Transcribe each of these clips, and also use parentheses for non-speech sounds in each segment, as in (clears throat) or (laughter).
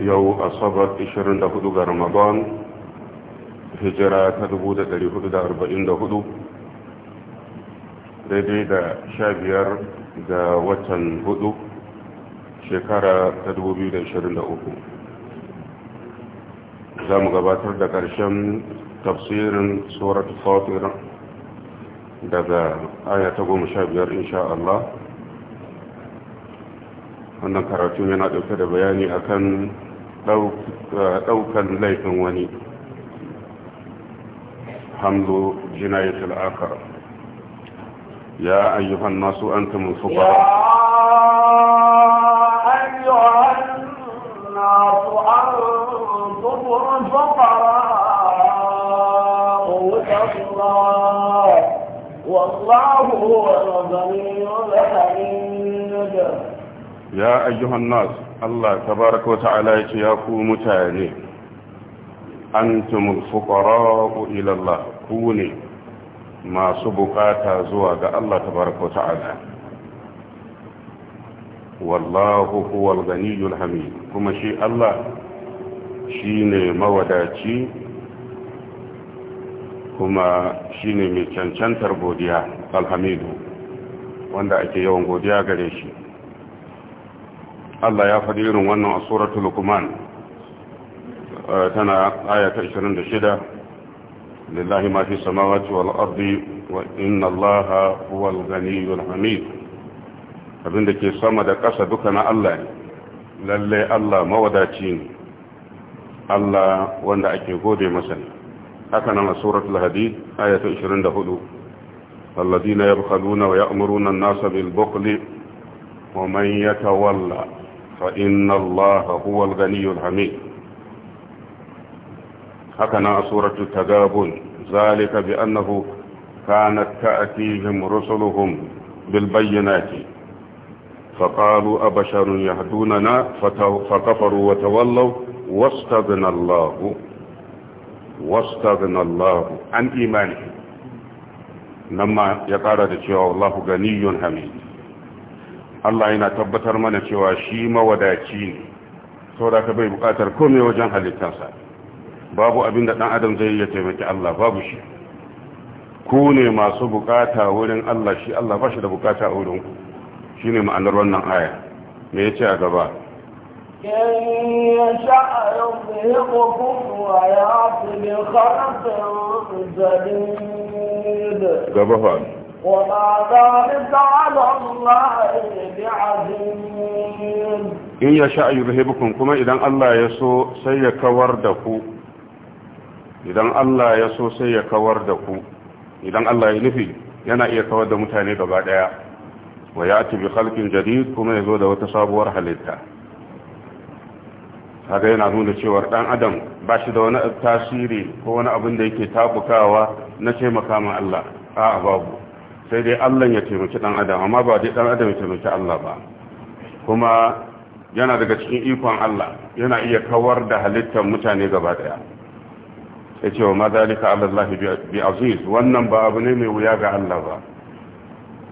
yau asabar 24 ga ramadan hijira ta 1444 daidai da 15 ga watan 4 shekara ta 2023 za mu gabatar da ƙarshen tafsirin tsoron tsofirin daga aya ta 15 insha Allah wannan karatun yana ɗauke da bayani akan ɗaukan laifin wani hamdu jinayatul akar ya ayyuhan nasu an tumin fukara والله هو الغني الحليم ya ayyuhan nas Allah tabaraka wa ta'ala yace ya ku mutane antumul fuqara'u ila Allah ku ne masu bukata zuwa ga Allah tabaraka wa ta'ala wallahu huwal ganiyul hamid kuma shi Allah shine mawadaci kuma shine mai cancantar godiya alhamidu wanda ake yawan godiya gare shi Allah ya faɗi irin wannan a suratul lukman uh, tana aya ta 26 lillahi ma fi samawati wal ardi wa inna Allaha huwal ghaniyyul hamid abinda ke sama da ƙasa duka na Allah ne lalle Allah mawadaci ne Allah wanda ake gode masa ne haka nan a suratul hadid aya ta 24 الذين يبخلون ويأمرون الناس بالبخل ومن يتولى فإن الله هو الغني الحميد هكذا سورة التقابل ذلك بأنه كانت تأتيهم رسلهم بالبينات فقالوا أبشر يهدوننا فكفروا وتولوا واستغنى الله واستغنى الله عن إيمانهم لما يقال الله غني حميد Allah yana tabbatar mana cewa shi mawadaci ne saboda ka bai bukatar komai wajen halittarsa babu abin da ɗan adam zai iya taimaki Allah babu shi ku ne masu bukata wurin Allah shi Allah ba shi da bukata a wurin ku ne ma'anar wannan aya me yace a gaba gaba fa وما ذلك على الله بعزيز إن يشاء يذهبكم كما إذا الله يسوء سيكور دكو إذا الله يسوء سيكور دكو إذا الله ينفي yana iya kawar da mutane gaba ɗaya wa ya bi khalqin jadid kuma yazo da wata sabuwar halitta kaga yana nuna cewa dan adam ba shi da wani tasiri ko wani abin da yake taɓukawa na taimaka ma Allah a'a babu sai dai Allah ya taimaki dan adam amma ba dai dan adam ya taimaki Allah ba kuma yana daga cikin ikon Allah yana iya kawar da halittar mutane gaba daya ya ce wa mazalika Allah bi aziz wannan ba abu ne mai wuya ga Allah ba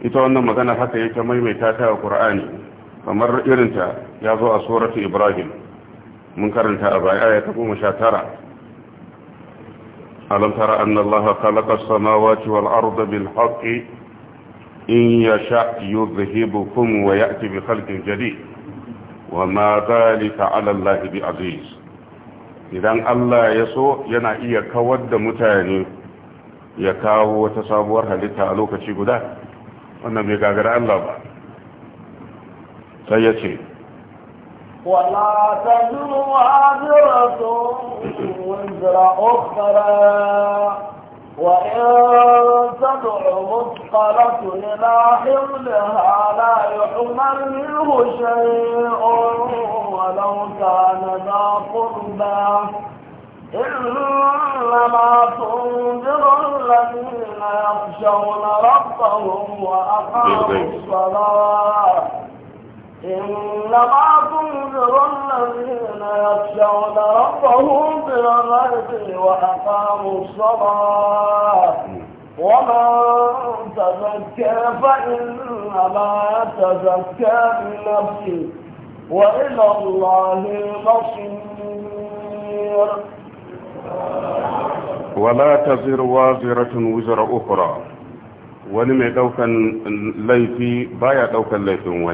ita wannan magana haka yake maimaita ta a Qur'ani kamar irinta ya zo a suratu Ibrahim mun karanta a baya aya ta 19 ألم تر أن الله خلق السماوات والأرض بالحق إن يشاء يذهبكم ويأتي بخلق جديد وما ذلك على الله بعزيز idan Allah ya so yana iya kawar da mutane ya kawo wata sabuwar halitta a lokaci guda wannan bai gagara Allah ba sai ya ce wala وإن تدع مثقلة إلى حملها لا يحمل منه شيء ولو كان ذا قربى إنما تنذر الذين يخشون ربهم وأقاموا الصلاة إنما تنذر الذين يخشون ربهم بالغيب وأقاموا الصلاة ومن تزكى فإنما يتزكى بنفسه وإلى الله المصير ولا تزر وازرة وزر أخرى ولم mai daukan laifi baya daukan laifin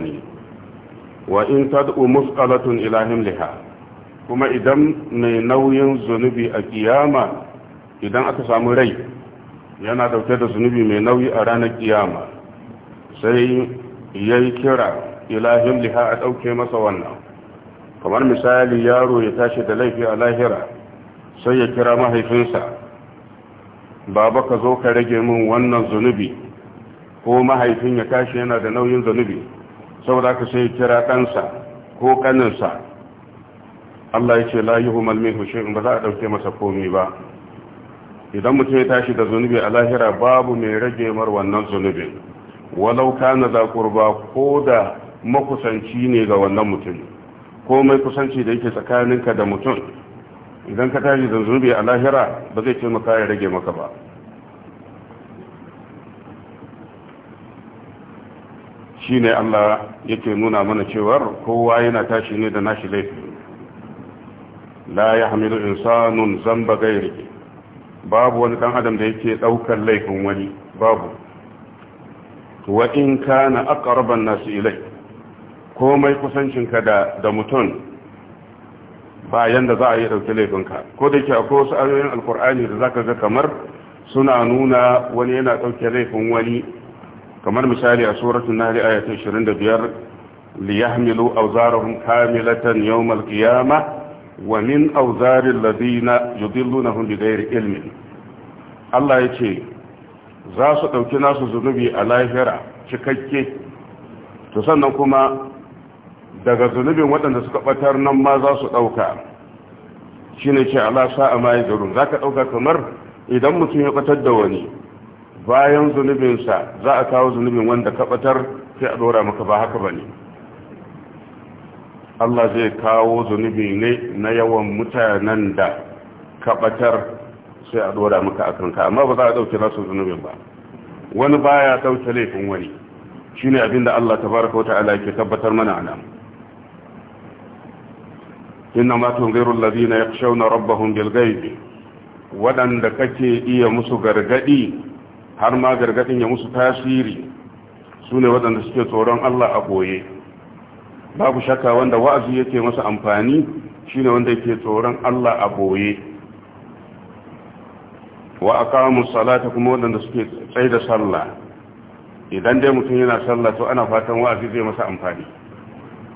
wa in tad'u musqalatun ila himliha kuma idan mai nauyin zunubi a kiyama idan aka samu rai yana dauke da zunubi mai nauyi a ranar kiyama sai yayi kira ila himliha a dauke masa wannan kamar misali yaro ya tashi da laifi a lahira sai ya kira mahaifinsa baba ka zo ka rage min wannan zunubi ko mahaifin ya tashi yana da nauyin zunubi saboda ka sai kira ɗansa ko ƙaninsa Allah ya ce la yi humal ba za a ɗauke masa komi ba idan mutum ya tashi da zunubi a lahira babu mai rage mar wannan zunubin walau kana za kurba ko da makusanci ne ga wannan mutum ko mai kusanci da yake tsakaninka da mutum idan ka tashi da zunubi a lahira ba zai taimaka ya rage maka ba Shi ne Allah yake nuna mana cewar kowa yana tashi ne da nashi laifi la hamilu insanun zamba gairi babu wani dan adam da yake daukar laifin wani babu wa in kana aqraban nasu ilai komai kusancinka da da mutum bayan da za a yi ɗauki laifinka ko da ke akwai wasu ayoyin alkur'ani da zaka ga kamar suna nuna wani yana dauke laifin wani kamar misali a suratul nahl ayat 25 liyahmilu awzarahum kamilatan yawm qiyamah wa min awzari alladhina yudillunahum bighairi ilmin Allah yace za su dauki nasu zunubi a lahira cikakke to sannan kuma daga zunubin waɗanda suka batar nan ma za su dauka shine ce Allah sa'a ma yajrun zaka dauka kamar idan mutum ya batar da wani bayan zunubinsa za a kawo zunubin wanda kabatar sai a dora maka ba haka ba ne Allah zai kawo zunubi ne na yawan mutanen da kabatar sai a dora maka a kanka amma ba za a ɗauke nasu zunubin ba wani baya ɗauke laifin wani shine abinda Allah ta wata wata'ala ke tabbatar mana anan innama tunziru allazina yakhshawna rabbahum bil wadanda kake iya musu gargadi har ma gargadin ya musu tasiri su ne waɗanda suke tsoron Allah a boye babu shakka wanda wa'azi yake masa amfani shine wanda yake tsoron Allah a boye wa aqamu salata kuma waɗanda suke tsaye da sallah idan dai mutum yana sallah to ana fatan wa'azi zai masa amfani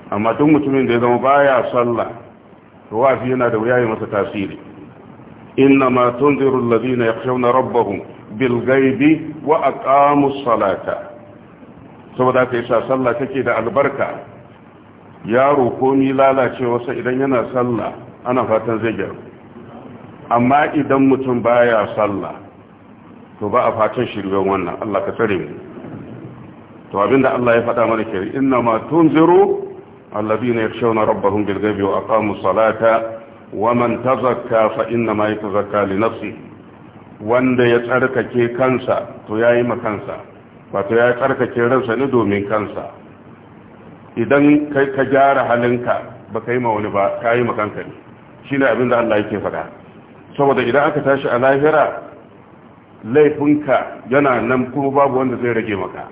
amma duk mutumin da ya zama baya sallah to wa'azi yana da wuya masa tasiri إنما تنذر الذين يخشون ربهم بالغيب وأقاموا الصلاة saboda ka yasa sallah take da albarka yaro komi lalacewarsa idan yana sallah ana fatan zai gyaru amma idan mutum baya sallah to ba a fatan shiryen wannan Allah ka tsare mu to abinda Allah ya faɗa mana kenan inna ma tunziru alladhina yakhshawna rabbahum bil ghaibi wa aqamus salata waman tazakka fa inna ma wanda ya tsarkake kansa to yayi ma kansa wato ya tsarkake ransa ne domin kansa idan kai ka gyara halinka ba kai ma wani ba kai ma kanka ne shine abin da Allah yake faɗa saboda idan aka tashi a lahira laifinka yana nan kuma babu wanda zai rage maka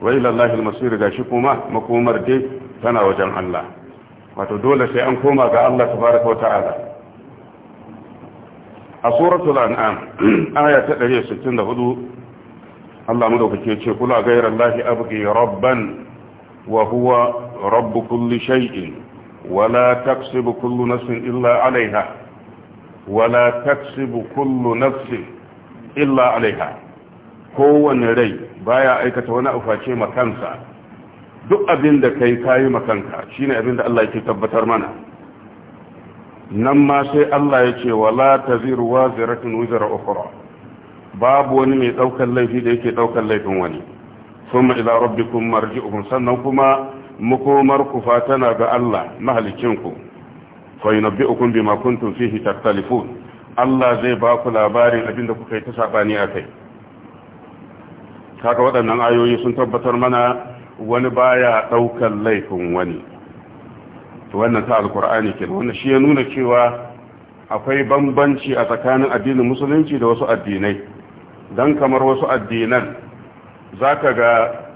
wa ilallahi almasir gashi kuma makomar dai tana wajen Allah wato dole sai an koma ga Allah tabaraka wata'ala a suratul an'am (clears throat) aya ta 164 Allah madaukake ce kula gairar lahi abki rabban wa huwa rabbu kulli shay'in wala taksibu kullu nafsin illa alaiha wala taksibu kullu nafsin illa alaiha kowane rai baya aikata wani aface makansa duk abin da kai kayi makanka shine abin da Allah yake tabbatar mana nan ma sai Allah ya ce wala taziru waziratun wizra ukhra babu wani mai ɗaukan laifi da yake ɗaukar laifin wani thumma ila rabbikum marji'ukum sannan kuma makomar ku tana ga Allah mahalicin ku fa yunabbi'ukum bima kuntum fihi takhtalifun Allah zai ba ku labarin abin da kuka yi ta sabani akai kaga waɗannan ayoyi sun tabbatar mana wani baya ɗaukan laifin wani wannan ta alkur'ani ke wannan shi ya nuna cewa akwai bambanci a tsakanin addinin musulunci da wasu addinai Dan kamar wasu addinan za ka ga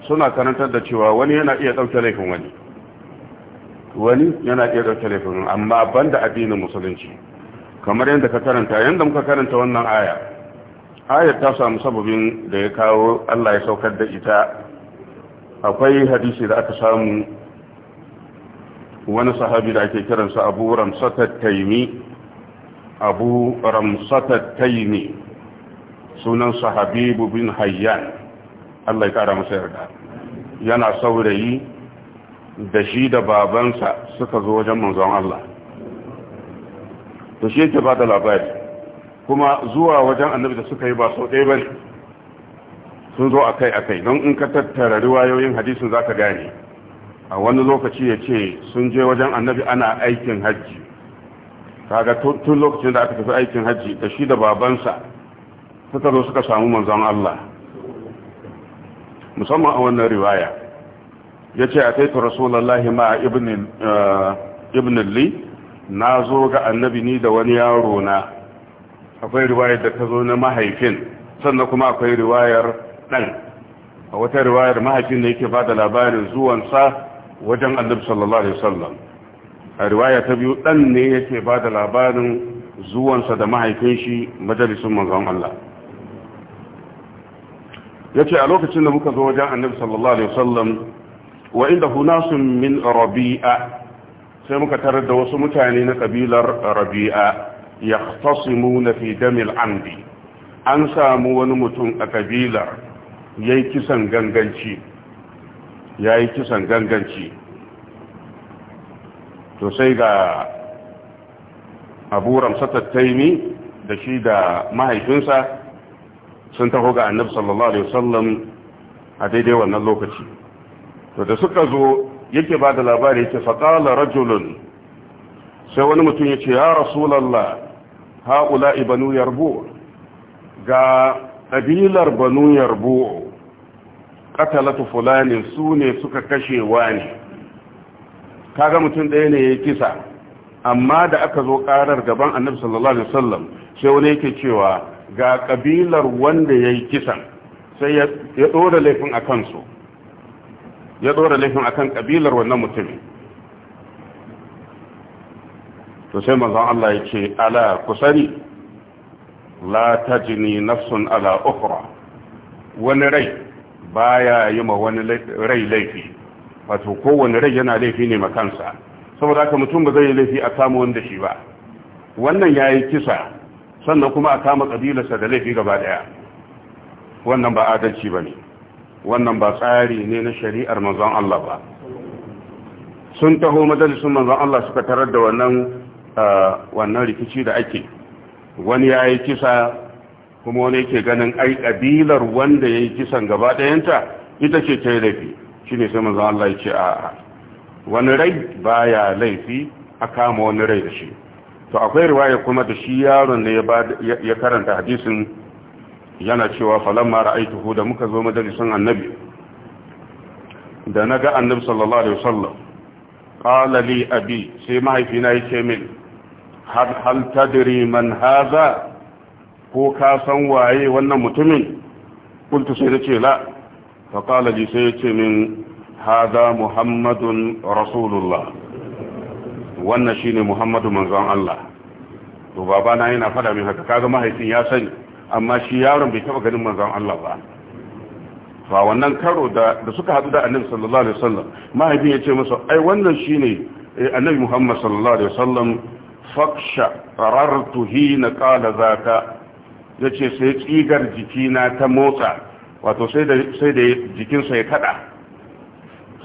suna karantar da cewa wani yana iya ɗauke laifin wani wani yana iya ɗauke laifin amma ban da addinin musulunci kamar yadda ka karanta yadda muka karanta wannan aya ayar ta samu sababin da ya kawo allah ya saukar da ita akwai hadisi da aka samu wani sahabi da ake kiransa abu ramsatattaimi abu ramsatattaimi sunan sahabi bin hayyan Allah ya kara masa yarda yana saurayi da shi da babansa suka zo wajen manzon Allah to shi yake bada labari kuma zuwa wajen annabi da suka yi ba sau ɗaya bane sun zo akai akai don in ka tattara riwayoyin hadisin zaka gane a wani lokaci ya ce sun je wajen annabi ana aikin hajji kaga tun lokacin da aka tafi aikin hajji da shi da babansa suka zo suka samu manzon Allah musamman a wannan riwaya ya ce a taitu rasulallah ma eh, ibn li na zo ga annabi ni da wani yaro na akwai riwayar da ta zo na mahaifin sannan kuma akwai riwayar ɗan a wata riwayar mahaifin da yake bada labarin zuwansa wajen annabi sallallahu alaihi sallam a riwaya ta biyu ɗan ne yake bada labarin zuwansa da mahaifin shi majalisun manzon Allah yace a lokacin da muka zo wajen annabi sallallahu alaihi sallam wa inda hunasun min rabi'a sai muka tarar da wasu mutane na kabilar rabi'a yaqtasimuna fi damil amdi an samu wani mutum a kabilar ya yi kisan ganganci ya yi kisan ganganci to sai ga abu ramsatattaimi da shi da mahaifinsa sun taho ga annabi sallallahu alaihi wasallam a daidai wannan lokaci to da suka zo yake ba da labari yake faƙala rajulun sai wani mutum ya ce ya rasulallah ha'ula ibanu yarbu ga ƙabilar banu yarbu ƙatalatu fulani su ne suka kashe wani kaga mutum ɗaya ne ya yi kisa amma da aka zo ƙarar gaban annabi sallallahu alaihi wasallam sai wani yake cewa ga ƙabilar wanda ya yi kisan sai ya ɗora laifin a kansu ya ɗora laifin a kan ƙabilar wannan mutumin to sai mazan Allah ya ce ala ku sani la tajni nafsun ala ukhra wani rai baya yi ma wani rai laifi wato kowane rai yana laifi ne makansa saboda haka mutum ba zai yi laifi a kama wanda shi ba wannan yayi kisa sannan kuma a kama kabilarsa da laifi gaba daya wannan ba adalci bane wannan ba tsari ne na shari'ar manzon Allah ba sun taho majalisun manzon Allah suka tarar da wannan ah, wannan rikici da ake wani ya yi kisa kuma wani yake ganin ai kabilar wanda ya yi kisan gaba ɗayanta ita ce ta yi laifi shi ne sai manzan Allah ya ce a wani rai baya laifi a kama wani rai da shi to akwai riwaya kuma da shi yaron ne ya karanta hadisin yana cewa falamma ra'aituhu da muka zo madalisin annabi da na ga annabi sallallahu alaihi wasallam qala li abi sai mahaifina yake min hal tadri man haza ko ka san waye wannan mutumin kultu sai ce la fa qala li sai ce min haza muhammadun rasulullah wannan shine muhammadu manzon Allah to baba na yana fada min haka kaga mahaifin ya sani amma shi yaron bai taba ganin manzon Allah ba fa wannan karo da da suka hadu da annabi sallallahu alaihi wasallam mahaifin ya ce masa ai wannan shine eh, annabi muhammad sallallahu alaihi wasallam faksha rartu hina qala zaka yace sai tsigar jikina ta motsa wato sai da jikinsa ya kada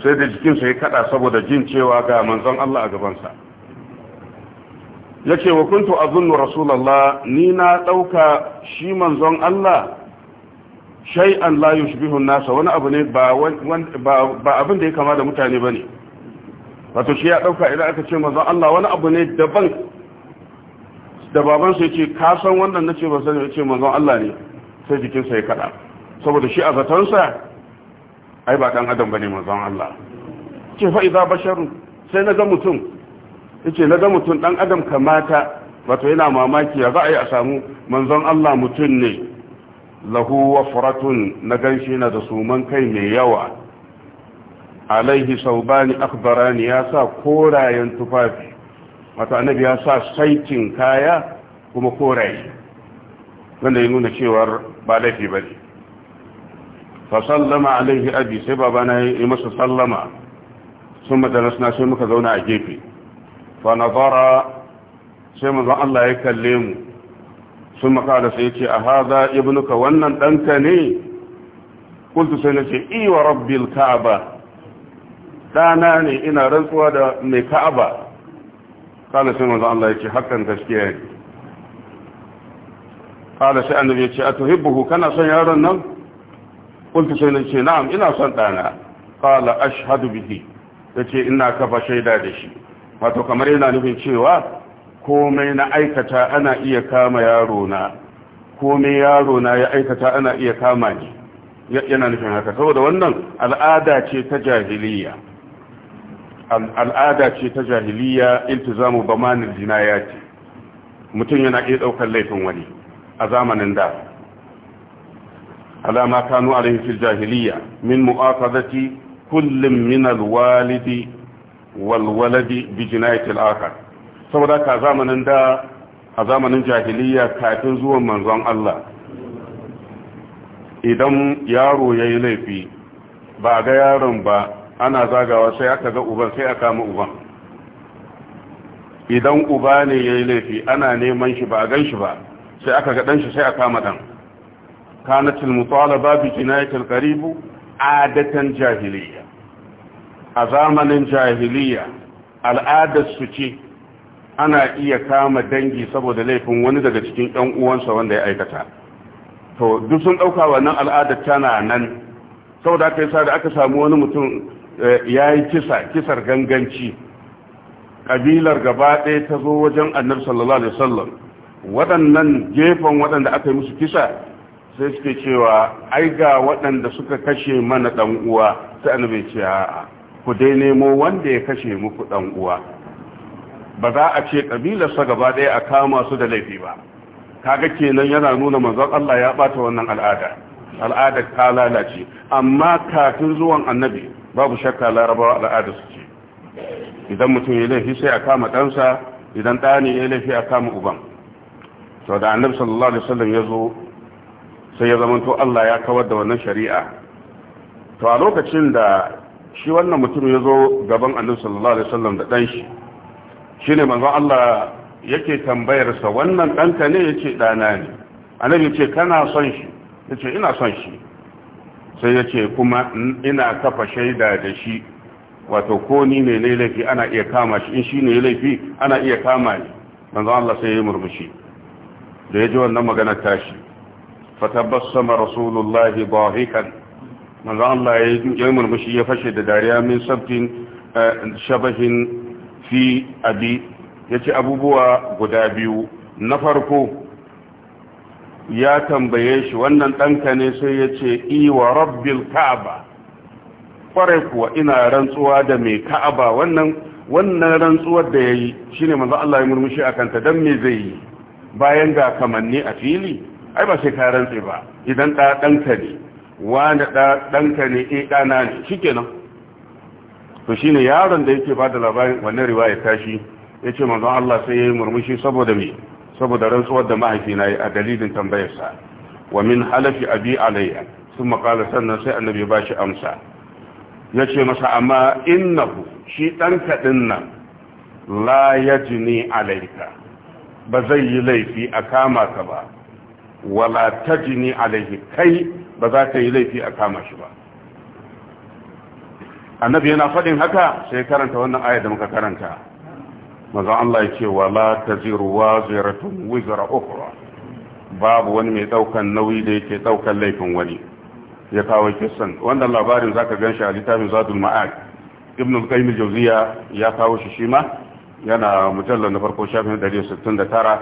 sai da jikinsa ya kada saboda jin cewa ga manzon Allah a gabansa ya yace wa kuntu zunnu rasulallah ni na dauka shi manzon Allah an layu shi bihun nasa wani abu ne ba abin da ya kama da mutane ba ne. wato shi ya ɗauka idan aka ce manzon Allah wani abu ne daban da baban sai ce ka san wannan nace ba sani ce manzon Allah ne sai jikinsa ya kada saboda shi a sa ai ba dan adam bane manzon Allah ce fa idza basharu sai na ga mutum yace na ga mutum dan adam kamata wato yana mamaki ya za a yi a samu manzon Allah mutum ne lahu wafratun na ganshi na da suman kai mai yawa alaihi saubani akbarani ya sa korayen tufafi wata annabi ya sa saitin kaya kuma koraye wanda ya nuna cewar ba laifi ba ne fasallama alaihi abi sai babana ya yi masa sallama sun madarasna sai muka zauna a gefe fanazara sai mazan Allah ya kalle mu sun makala sai ce a haza ibnuka wannan ɗanka ne kultu sai na ce iya rabbil ka'aba ɗana ne ina rantsuwa da mai ka'aba kala sai manzo Allah yake hakan gaskiya ne kala sai annabi a atuhibbuhu kana son yaron nan kuntu sai nan ce na'am ina son ɗana kala ashhadu bihi yace ina kafa shaida da shi wato kamar yana nufin cewa komai na aikata ana iya kama yaro na komai yaro na ya aikata ana iya kama ni yana nufin haka saboda wannan al'ada ce ta jahiliya al'ada ce ta jahiliya iltizamu bamanin ce. mutum yana iya ɗaukar laifin wani a zamanin da alama kanu a fil jahiliya min mu'aqadati kullum min alwalidi wal bi jinayati al saboda ka zamanin da a zamanin jahiliya kafin zuwan manzon Allah idan yaro yayi laifi ba ga yaron ba ana zagawa sai aka ga uban sai a kama uban idan uba ne yayi laifi ana neman shi ba a gan ba sai aka ga shi sai a kama ɗan kanatil mutalaba bi jinayatil qarib adatan jahiliya a zamanin jahiliya al'adarsu su ce ana iya kama dangi saboda laifin wani daga cikin ɗan uwansa wanda ya aikata to duk sun ɗauka wannan al'adar tana nan saboda aka yi sa da aka samu wani mutum Eh, ya yi kisa kisar ganganci ƙabilar gaba ɗaya ta zo wajen annabi sallallahu alaihi wasallam waɗannan gefen waɗanda aka yi musu kisa sai suke cewa ai ga waɗanda suka kashe mana ɗan uwa sai annabi ce a ku dai nemo wanda ya kashe muku ɗan uwa ba za a ce ƙabilarsa gaba ɗaya a kama su da laifi ba kaga kenan yana nuna manzon Allah ya bata wannan al'ada al'ada ta lalace amma kafin zuwan annabi babu shakka larabawa al'ada su ce idan mutum ya laifi sai a kama ɗansa idan ɗani ya laifi a kama uban to da annabi sallallahu alaihi wasallam ya zo sai ya zamanto Allah ya kawar da wannan shari'a to a lokacin da shi wannan mutum ya zo gaban annabi sallallahu alaihi wasallam da ɗan shi shine manzon Allah yake tambayarsa wannan ɗanka ne yace ɗana ne annabi ce kana son shi yace ina son shi sai ya ce kuma ina kafa shaida da shi wato ko ni ne ne laifi ana iya kama shi in shi ne laifi ana iya kama ni manzo Allah sai ya murmushi da ya ji wannan magana tashi fatabassama rasulullahi dahikan manzo Allah ya murmushi ya fashe da dariya min sabtin eh, shabahin fi abi yace abubuwa guda biyu na farko ya tambaye shi wannan ɗanka ne sai ya ce iwa rabbil ka'aba kwarai kuwa ina rantsuwa da mai ka'aba wannan wannan rantsuwar da ya yi shi ne manzo Allah ya murmushi a kanta don me zai yi bayan ga kamanni a fili ai ba sai ka rantsi ba idan ɗa ɗanka ne wani ɗa ɗanka ne e ɗana ne shi kenan to shi yaron da yake ba da labarin wannan riwaya tashi ya ce manzo Allah sai ya yi murmushi saboda me saboda rantsuwar da mahaifina yi a dalilin tambayarsa wa min halafi abi alayya sun makala sannan sai annabi ba shi amsa ya ce masa amma innahu shi ɗan kaɗin nan la ya jini alaika ba zai yi laifi a kama ka ba wala ta jini alaihi kai ba za ka yi laifi a kama shi ba annabi yana faɗin haka sai karanta wannan aya da muka karanta Maza Allah ya wa la taziru ziratun wizara ukhra babu wani mai daukan nauyi da yake daukan laifin wani ya kawo kisan wannan labarin zaka ganshi a littafin Zadul Ma'ad Ibn al-Qayyim al-Jawziya ya kawo shi shi ma yana mujallal na farko shafin 169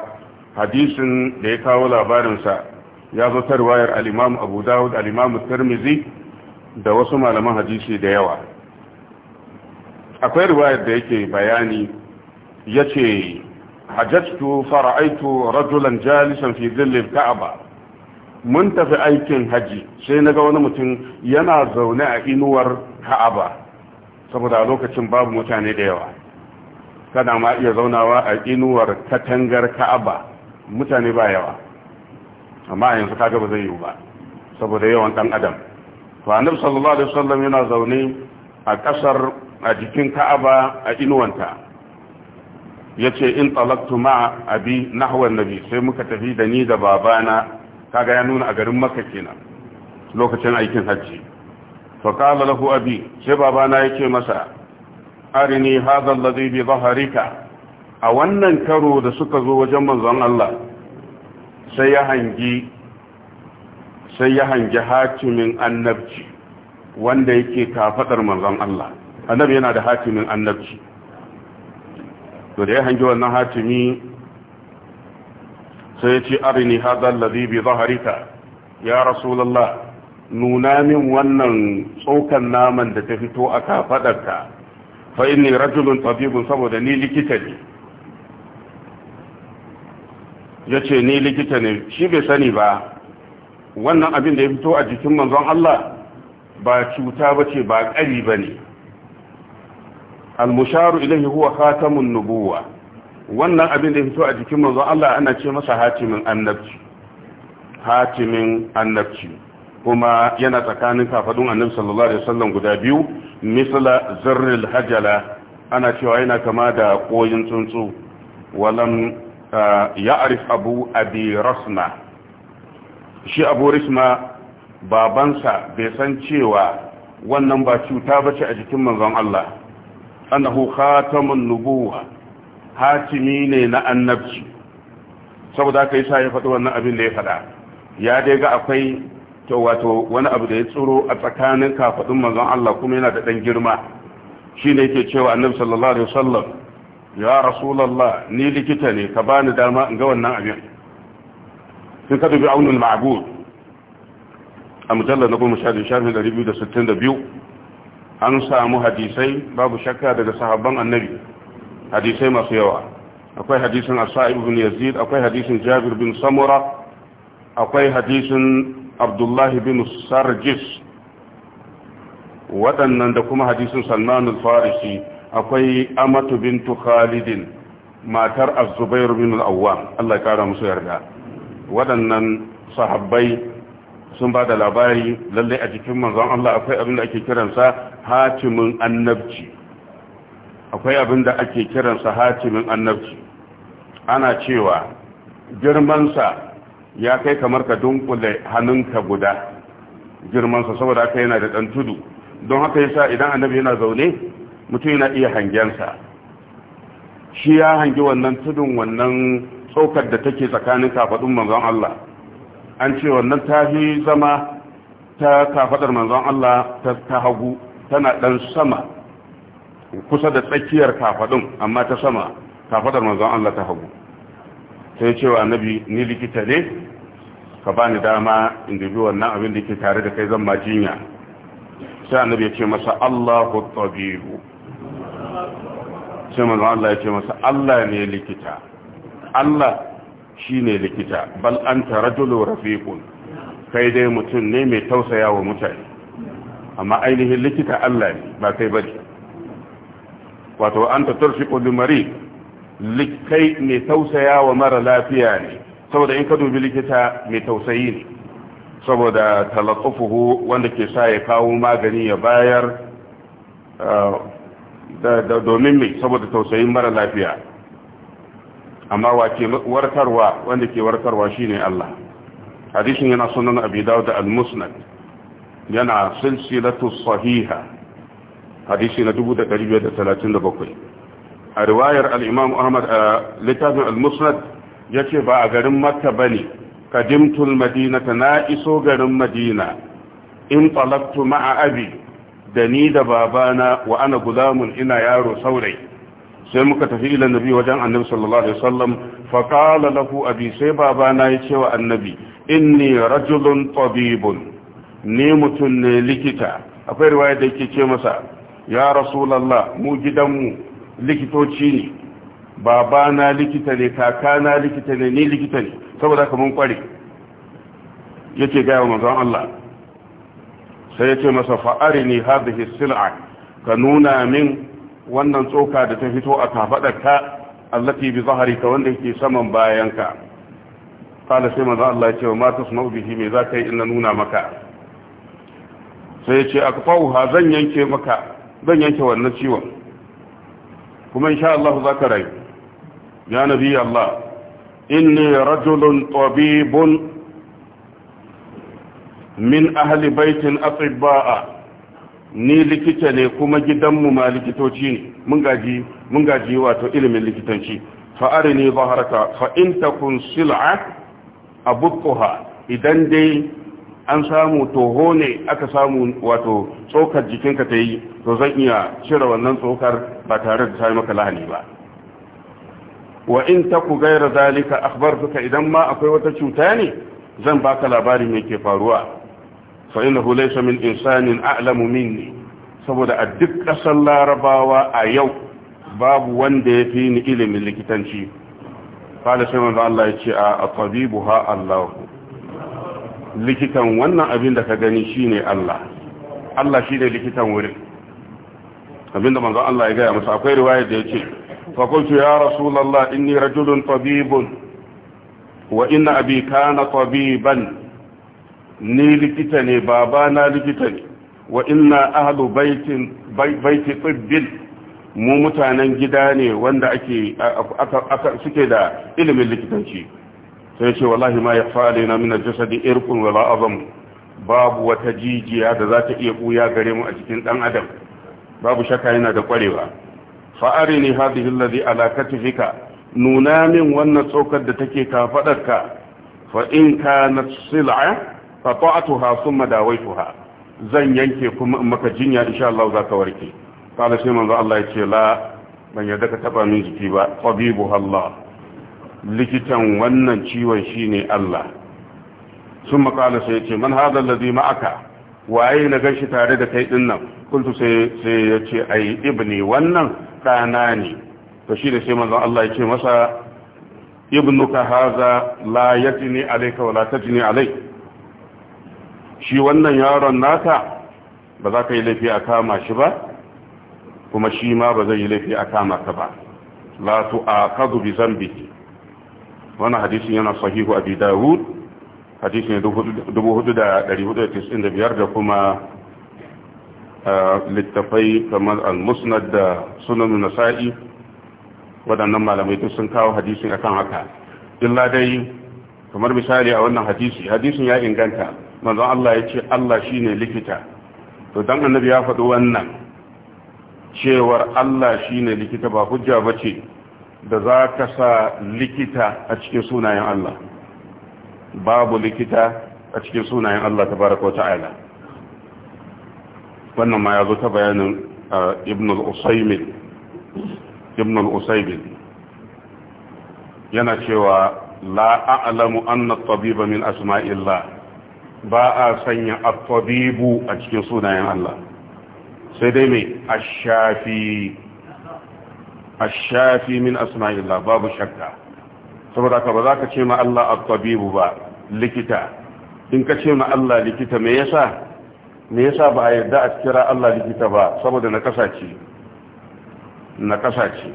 hadisin da ya kawo labarin sa ya zo ta riwayar al-Imam Abu Dawud al-Imam Tirmidhi da wasu malaman hadisi da yawa akwai riwayar da yake bayani yace hajjatu fara'aitu rajulan jalisan fi dhillil ka'aba mun tafi aikin haji sai na ga wani mutum yana zaune a inuwar ka'aba saboda a lokacin babu mutane da yawa kana ma iya zaunawa a inuwar katangar ka'aba mutane ba yawa amma yanzu kaga ba zai yiwu ba saboda yawan dan adam to annabi sallallahu alaihi wasallam yana zaune a kasar a jikin ka'aba a inuwanta ya ce in talaktu ma abi nahwan nabi sai muka tafi da ni da babana kaga ya nuna a garin makka kenan lokacin aikin hajji fa qala lahu abi sai babana yake masa arini hadha alladhi bi dhahrika a wannan karo da suka zo wajen manzon Allah sai ya hangi sai ya hangi hakimin annabci wanda yake kafadar manzon Allah annabi yana da hatimin annabci da da ya hangi wannan hatimi sai ya ce arini hadal ladhi zaharika ya ya rasulullah nuna min wannan tsokan naman da ta fito a kafadarka fa inni rajulun tabibun saboda ni likita ne ce ni likita ne shi bai sani ba wannan abin da ya fito a jikin manzon Allah ba cuta ba ce ba ƙari ba ne almusharu musharu ilayhi huwa khatamun nubuwa wannan abin da fito a jikin manzo Allah ana ce masa hatimin annabci hatimin annabci kuma yana tsakanin kafadun annabi sallallahu alaihi wasallam guda biyu misla zarril hajala ana cewa yana kama da koyin tsuntsu walam ah, ya'rif abu abi rasma shi abu rasma babansa bai san cewa wannan ba cuta bace a jikin manzon Allah annahu khatamun nubuwa hatimi ne na annabci saboda yi sa ya faɗi wannan abin da ya faɗa ya dai ga akwai to wato wani abu da ya tsoro a tsakanin kafadun manzon Allah kuma yana da dan girma ne ke cewa annabi sallallahu alaihi wasallam ya rasulullah ni likita ne ka bani dama in ga wannan abin sun ka dubi aunul ma'bud a mujallar na goma sha ɗari biyu da sittin da biyu an samu hadisai babu shakka daga sahabban annabi hadisai masu yawa akwai hadisin asa'ib bin yazid akwai hadisin jabir bin samura akwai hadisin abdullahi bin sarjis waɗannan da kuma hadisin salman al-farisi akwai amatu bintu khalidin matar az-zubair bin al-awwam Allah ya kara musu yarda waɗannan sahabbai sun ba da labari lallai a jikin manzon Allah akwai abin da ake kiransa hatimin annabci akwai abin da ake kiransa hatimin annabci ana cewa girmansa ya kai kamar ka dunkule ka guda girmansa saboda haka yana da ɗan tudu don haka yasa idan annabi yana zaune mutum yana iya hangensa shi ya hangi wannan tudun wannan tsokar da take tsakanin kafadun manzon Allah an ce wannan ta fi zama ta kafadar manzon Allah ta hagu tana dan sama kusa da tsakiyar kafadun amma ta sama kafadar manzon Allah ta hagu sai cewa annabi ni likita ne ka bani dama in dubi wannan abin da ke tare da kai zan ma jinya sai annabi ya ce masa Allahu tabibu sai manzon Allah ya ce masa Allah ne likita Allah shine likita bal anta rajulu rafiqun kai dai mutum ne mai tausaya wa mutane amma ainihin likita Allah ne ba kai bane wato anta turfiqu limari likai mai tausaya wa mara lafiya ne saboda in ka dubi likita mai tausayi ne saboda talatsufuhu wanda ke sa ya kawo magani ya bayar ah, domin mai saboda tausayin mara lafiya amma wake wartarwa wanda ke wartarwa shine Allah hadisin yana sunan abi dawud al-musnad yana silsilatu sahiha hadisi na 1537 a riwayar al-imam ahmad a littafin al-musnad yace ba a garin makka bane kadimtul madinata na iso garin madina in talabtu ma'a abi da ni da babana wa ana gulamun ina yaro saurayi sai muka tafi ila nabi wajen annabi sallallahu alaihi wasallam fa qala lahu abi sai babana ya ce wa annabi inni rajulun tabibun ni mutun ne likita akwai riwaya da yake ce masa ya rasulullah mu gidanmu likitoci ne babana likita ne kakana likita ne ni likita ne saboda haka mun kware yake ga manzon Allah sai ya ce masa fa'arini hadhihi sil'a ka nuna min wannan tsoka da ta fito a kafadarka allati bi ka wanda yake saman bayanka kala sai manzo Allah ya ce ma tasma'u bihi me za ka yi in nuna maka sai ya ce akfauha zan yanke maka zan yanke wannan ciwon kuma insha Allah ka rayu ya nabi Allah inni rajulun tabibun min ahli baitin atibba'a ni likita ne kuma gidanmu ma likitoci ne mun gaji mun gaji wato ilimin likitanci fa arini zaharaka fa in takun sil'a abuqha idan dai an samu toho ne aka samu wato tsokar jikinka ta yi to zan iya cire wannan tsokar ba tare da sai maka lahani ba wa in taku gaira zalika akhbartuka idan ma akwai wata cuta ne zan baka labari me ke faruwa fa innahu laysa min insanin a'lamu saboda a duk ƙasar larabawa a yau babu wanda ya fi ni ilimin likitanci fada sai manzo Allah ya ce a tabibu ha Allah likitan wannan abin da ka gani shine Allah Allah shine likitan wurin abinda manzo Allah ya gaya masa akwai riwaya da yace fa qultu ya rasulullah inni rajulun tabibun wa inna abi kana tabiban ni likita ne baba na likita ne wa ina ahlu baiti mu mutanen gida ne wanda suke da ilimin likitanci sai ce wallahi ma ya alaina min al-jasadi irqun wala azam babu wata jijiya da za ta iya buya gare mu a cikin ɗan adam babu shaka yana da kwarewa fa'ari ne hadihi alladhi ala katifika nuna min wannan tsokar da take kafadarka fa in na sila'a sun madawai tuha zan yanke kuma in maka jinya in Allah za ka warke kala sai manzo Allah yace la ban yarda ka taba min jiki ba tabibu Allah likitan wannan ciwon shine Allah thumma kala sai yace man hadha alladhi ma'aka waye na ganshi tare da kai din nan kuntu sai sai yace ai ibni wannan dana ne to shi sai Allah yace masa la shi wannan yaron nata ba za ka yi laifi a kama shi ba kuma shi ma ba zai yi laifi a kama ka ba la tu akhadhu bi wannan hadisin yana sahihu abi dawud hadisi ne 4495 da kuma littafai kamar al-musnad da sunan nasa'i waɗannan malamai duk sun kawo hadisin akan haka illa dai kamar misali a wannan hadisi hadisin ya inganta manzon Allah ya ce Allah shine likita to dan annabi ya faɗi wannan cewar Allah shine likita ba hujja bace da za ka sa likita a cikin sunayen Allah babu likita a cikin sunayen Allah tabaraka ta'ala wannan ma ya zo ta bayanin uh, ibn al-usaymin ibn al yana cewa la a'lamu anna at-tabiba min asma'illah ba a sanya at a cikin sunayen Allah sai dai mai ashafi shafi shafi min asma'illah babu shakka saboda ka ba za ka ce ma Allah at ba likita in ka ce ma Allah likita me yasa me yasa ba a yarda a kira Allah likita ba saboda na kasace na kasace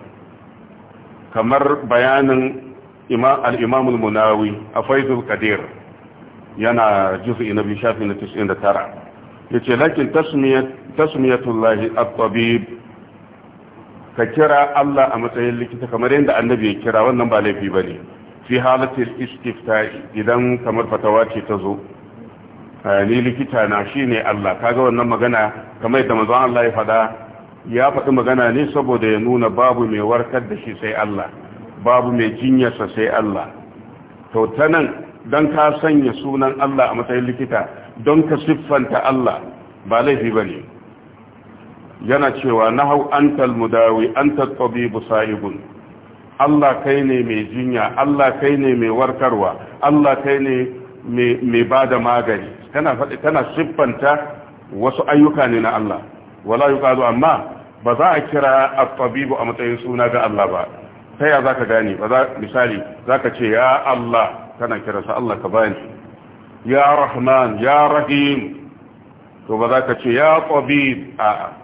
kamar bayanin imam al-imam al-munawi a faizul qadir yana juz'i na biyu shafi na 99 yace lakin tasmiyat tasmiyatullahi at-tabib ka kira Allah a matsayin likita kamar yadda annabi ya kira wannan ba laifi bane fi halatil istifta'i idan kamar fatawa ce ta zo eh, ni likita na shine Allah kaga wannan magana kamar da manzon Allah ya fada ya faɗi magana ne saboda ya nuna babu mai warkar da shi sai Allah babu mai jinyarsa sai Allah to ta nan don ka sanya sunan Allah a matsayin likita don ka siffanta Allah ba laifi ba ne yana cewa na hau an talmudawi an tattabi busa'ibun Allah kai ne mai jinya Allah kai ne mai warkarwa Allah kai ne mai ba da magani tana siffanta wasu ayyuka ne na Allah wala yi amma ba za a kira attabibu a matsayin suna ga Allah ba ta ya za ka gani misali za ka ce ya Allah kana kiransa Allah ka bani ya rahman ya rahim to ba za ka ce ya qabib a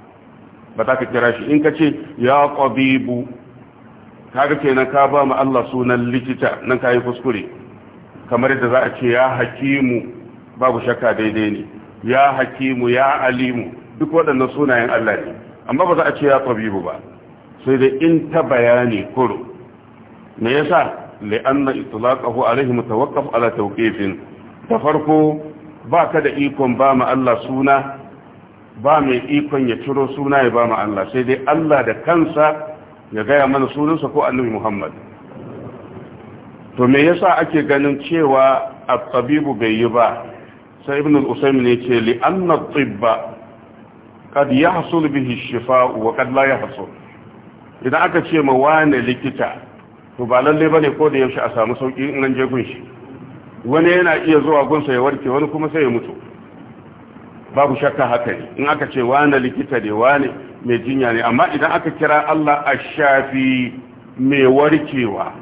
ba za ka kira shi in ka ce ya qabibu kaga kenan ka ba mu Allah sunan likita nan kai kuskure kamar yadda za a ce ya hakimu babu shakka daidai ne ya hakimu ya alimu duk waɗannan sunayen Allah ne amma ba za a ce ya qabibu ba sai dai in ta bayani kuro me yasa li'anna itlaqahu alaihi mutawaqqaf ala tawqifin da farko baka da ikon ba Allah suna ba mai ikon ya ciro suna ya ba ma Allah sai dai Allah da kansa ya gaya mana sunansa ko annabi Muhammad to me yasa ake ganin cewa at-tabibu bai yi ba sai ibn al-usaymin yace li anna at-tibba qad yahsul bihi ash-shifaa wa qad la yahsul idan aka ce ma wane likita to ba lalle bane ko da yaushe a samu sauki in an je gun shi wani yana iya zuwa gunsa ya warke wani kuma sai ya mutu babu shakka haka ne in aka ce wani likita ne wani mai jinya ne amma idan aka kira Allah ash-shafi mai warkewa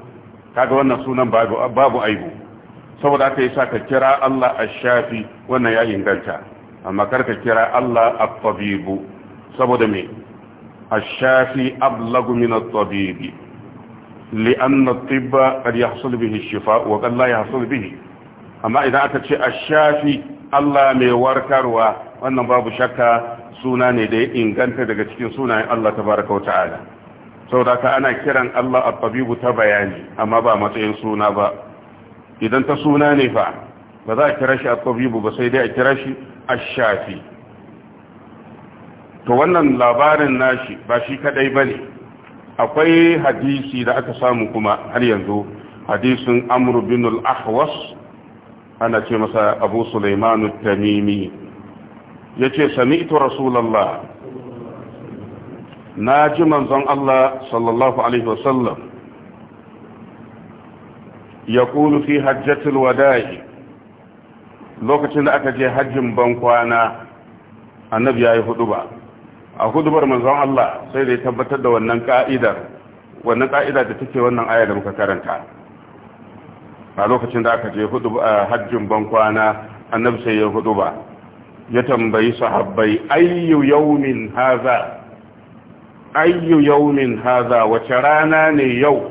kaga wannan sunan babu babu aibu saboda aka yi sa ka kira Allah ash-shafi wannan ya inganta amma karka kira Allah at-tabibu saboda me ash-shafi ablagu min at-tabibi li'anna tibba qad yahsul bihi shifa wa qad la yahsul bihi amma idan aka ce ash-shafi Allah mai warkarwa wannan babu shakka suna ne da ya inganta daga cikin sunayen Allah tabaraka wa ta'ala saboda ka ana kiran Allah at-tabibu ta bayani amma ba matsayin suna ba idan ta suna ne fa ba za a kira shi at-tabibu ba sai dai a kira shi ash-shafi to wannan labarin nashi ba shi kadai bane akwai hadisi da aka samu kuma har yanzu hadisin amru bin al-ahwas ana ce masa abu sulaimanu tamimi ya ce sami'tu rasulallah na ji manzon Allah sallallahu alaihi wasallam ya kulu fi hajjatul wada'i lokacin da aka je hajjin bankwana kwana annabi ya yi hudu ba a hudubar manzon Allah sai da ya tabbatar da wannan ka'idar wannan ka'ida da take wannan aya da muka karanta a lokacin da aka je hajjin bankwana annabi sai ya huduba ya tambayi sahabbai ayyu yawmin haza ayyu yawmin haza wace rana ne yau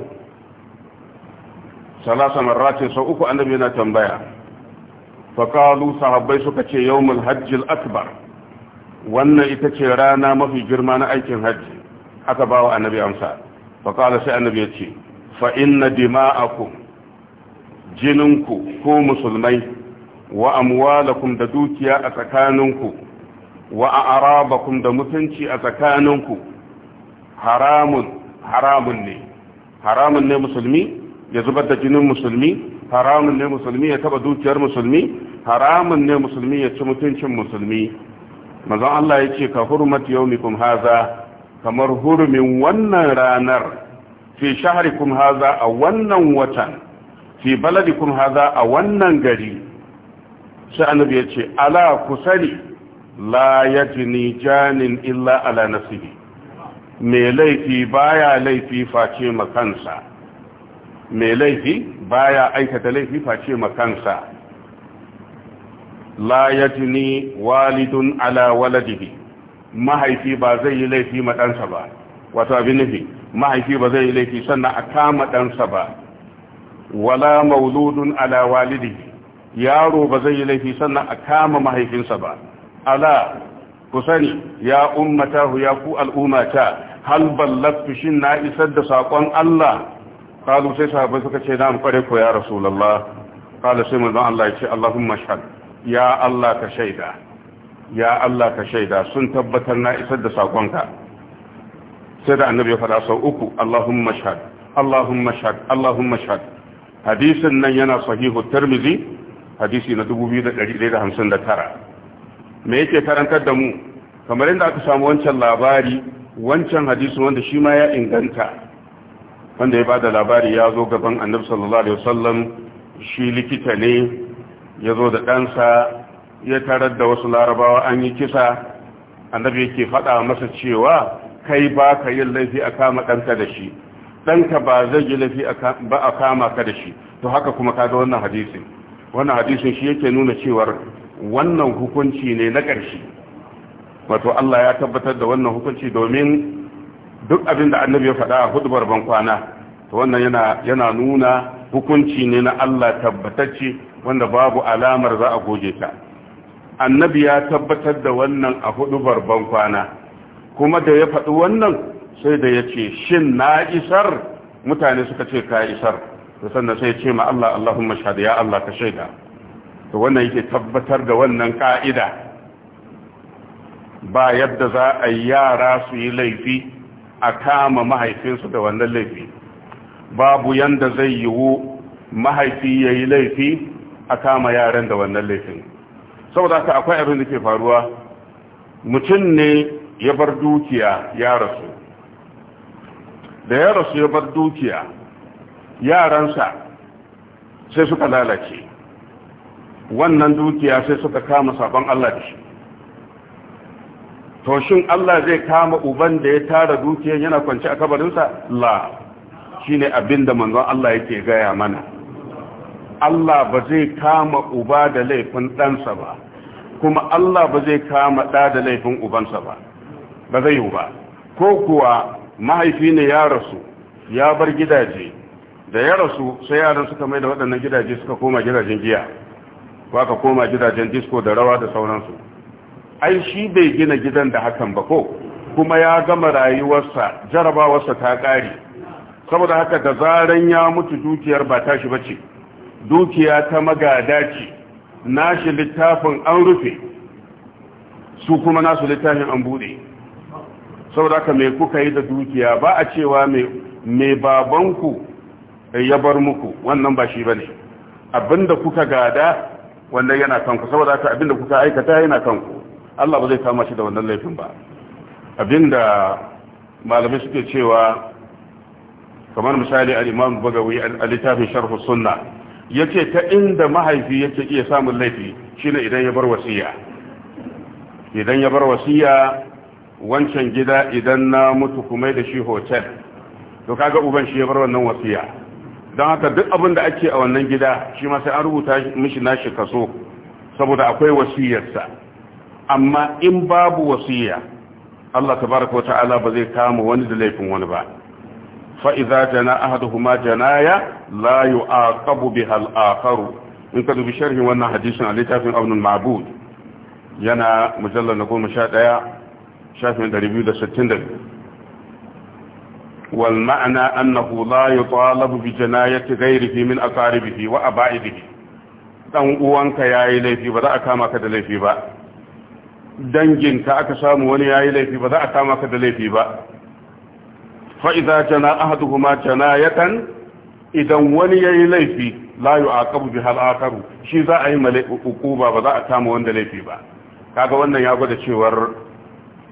salasa marratin sau uku annabi yana tambaya faqalu sahabbai suka ce yawmul hajjil akbar wannan ita ce rana mafi girma na aikin hajji aka ba wa annabi amsa faƙala sai annabi ya ce fa'inna dima'akum jininku ko musulmai wa amwalakum da dukiya a tsakaninku wa arabakum da mutunci a tsakaninku haramun haramun ne haramun ne musulmi ya zubar da jinin musulmi haramun ne musulmi ya taba dukiyar musulmi haramun ne musulmi ya ci mutuncin musulmi manzon Allah ya ce ka hurmat yaumikum haza kamar hurumin wannan ranar fi shaharikum haza a wannan watan fi baladikum haza a wannan gari sai annabi ya ce ala kusani la yajni janin illa ala nasibi mai laifi baya laifi face makansa Me laifi baya aikata laifi face makansa la yajni walidun ala waladihi mahaifi ba zai yi laifi ma ba wato abin nufi mahaifi ba zai yi laifi sannan a kama ɗansa ba wala mauludun ala walidihi yaro ba zai yi laifi sannan a kama mahaifinsa ba ala ku sani ya ummatahu ya ku al'ummata hal ballatu shin na isar da sakon Allah kalu sai sahabbai suka ce na mu kware ko ya rasulullah qala sai manzon Allah ya ce Allahumma shahad ya Allah ka shaida ya Allah ka shaida sun tabbatar na isar da sakonka sai da annabi ya faɗa sau uku Allahumma shahad Allahumma shahad Allahumma shahad hadisin nan yana sahihu Tirmidhi hadisi na 2159 me yake karantar da mu kamar inda aka samu wancan labari wancan hadisi wanda shi ma ya inganta wanda ya bada labari ya zo gaban annabi sallallahu alaihi wasallam shi likita ne ya zo da ɗansa ya tarar da wasu larabawa an yi kisa annabi yake faɗa masa cewa kai ba ka yin laifi a kama ɗanka da shi ɗanka ba zai yi laifi ba a kama ka da shi to haka kuma ka ga wannan hadisin wannan hadisin shi yake nuna cewar wannan hukunci ne na ƙarshe wato Allah ya tabbatar da wannan hukunci domin duk abin da annabi ya faɗa a hudubar kwana to wannan yana nuna hukunci ne na Allah tabbatacce wanda babu alamar za a goge ta annabi ya tabbatar da wannan a hudu barban kwana kuma da ya faɗi wannan sai da ya ce shin na isar mutane suka ce ka isar da sannan sai ce ma Allah Allahumma shahada ya Allah ka shaida to wannan yake tabbatar da wannan ka'ida ba yadda za a yi yara su yi laifi a kama mahaifinsu da wannan laifi babu yanda zai yiwu mahaifi ya yi laifi a kama yaren da wannan laifin saboda haka akwai abin da ke faruwa mutum ne ya bar dukiya ya rasu da ya rasu ya bar dukiya yaransa sai suka lalace wannan dukiya sai suka kama sabon Allah da shi to shin Allah zai kama uban da ya tara dukiyan yana kwance a kabarinsa la shine abinda manzon Allah yake gaya mana Allah ba zai kama uba da laifin ɗansa ba kuma Allah ba zai kama ɗa da laifin ubansa ba ba zai yi ba ko kuwa mahaifi ne ya rasu ya bar gidaje da ya rasu sai yaran suka mai da waɗannan gidaje suka koma gidajen giya ko aka koma gidajen disko da rawa da sauransu ai shi bai gina gidan da hakan ba ko kuma ya gama rayuwarsa jarabawarsa ta ƙare saboda haka da zaran ya mutu dukiyar ba tashi ce. dukiya ta magada ce nashi littafin an rufe su kuma nasu littafin an bude saboda haka mai kuka yi da dukiya ba a cewa mai babanku ya bar muku wannan ba shi ba ne abinda kuka gada wannan yana kanku saboda haka abinda kuka aikata yana kanku Allah ba zai kama shi da wannan laifin ba abinda malamai suke cewa kamar misali al-Imam Bagawi a littafin Sharh Sunnah yace ta inda mahaifi yake iya samun laifi shine idan ya bar wasiya idan ya bar wasiya wancan gida idan na mutu kuma da shi hotel to kaga uban shi ya bar wannan wasiya don haka duk abin da ake a wannan gida shi ma sai an rubuta mishi nashi kaso saboda akwai wasiyarsa amma in babu wasiya Allah tabaraka ta'ala ba zai kama wani da laifin wani ba fa'iza jana ahaduhuma janaya la yu'aqabu biha al-akharu in ka dubi sharhin wannan hadisin a littafin Abdul Ma'bud yana mujallal na 11 shafin 262 wal ma'ana annahu la yutalabu bi janayati ghayrihi min aqaribihi wa dan uwanka yayi laifi ba za a kama ka da laifi ba danginka aka samu wani yayi laifi ba za a kama ka da laifi ba fa'iza jana ahaduhuma janayatan idan wani yayi laifi la yu'aqabu bi hal shi za a yi malaiku ba za a kama wanda laifi ba kaga wannan ya gwada cewar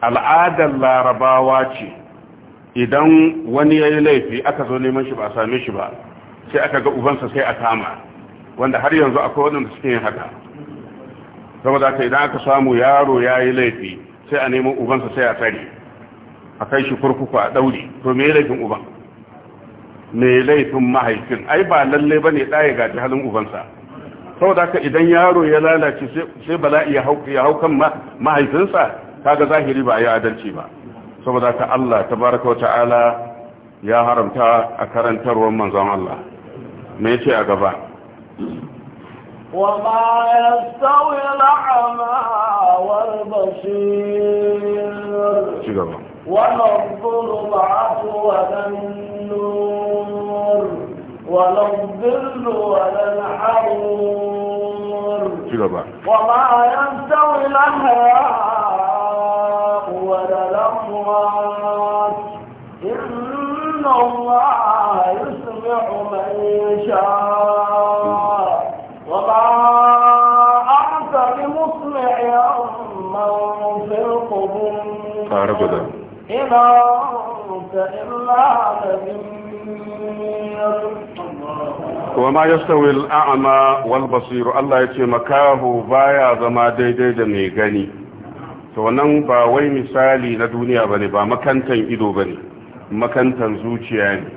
al'adar larabawa ce idan wani yayi laifi aka zo neman shi ba a same shi ba sai aka ga ubansa sai a kama wanda har yanzu akwai waɗanda suke yin haka saboda haka idan aka samu yaro yayi laifi sai a neman ubansa sai a tare a kai shi kurkuku a daure to me laifin uban me laifin mahaifin ai ba lalle ba ne ɗaya gaji halin ubansa saboda haka idan yaro ya lalace sai bala'i ya hau kan mahaifinsa kaga zahiri ba a yi adalci ba saboda haka Allah baraka wa ta'ala ya haramta a karantarwar manzon Allah me ce a gaba وما يستوي ci gaba ولا الظلمات ولا النور ولا الظل ولا الحرور وما يستوي الأحياء ولا الأموات إن الله يسمع من يشاء وما أنت بمسمع من في القبور إن أنت إلا وما يستوي الأعمى والبصير الله يتي مكاه بايا زما daidai da mai gani to wannan ba wai misali na duniya bane ba makantan ido bane makantan zuciya ne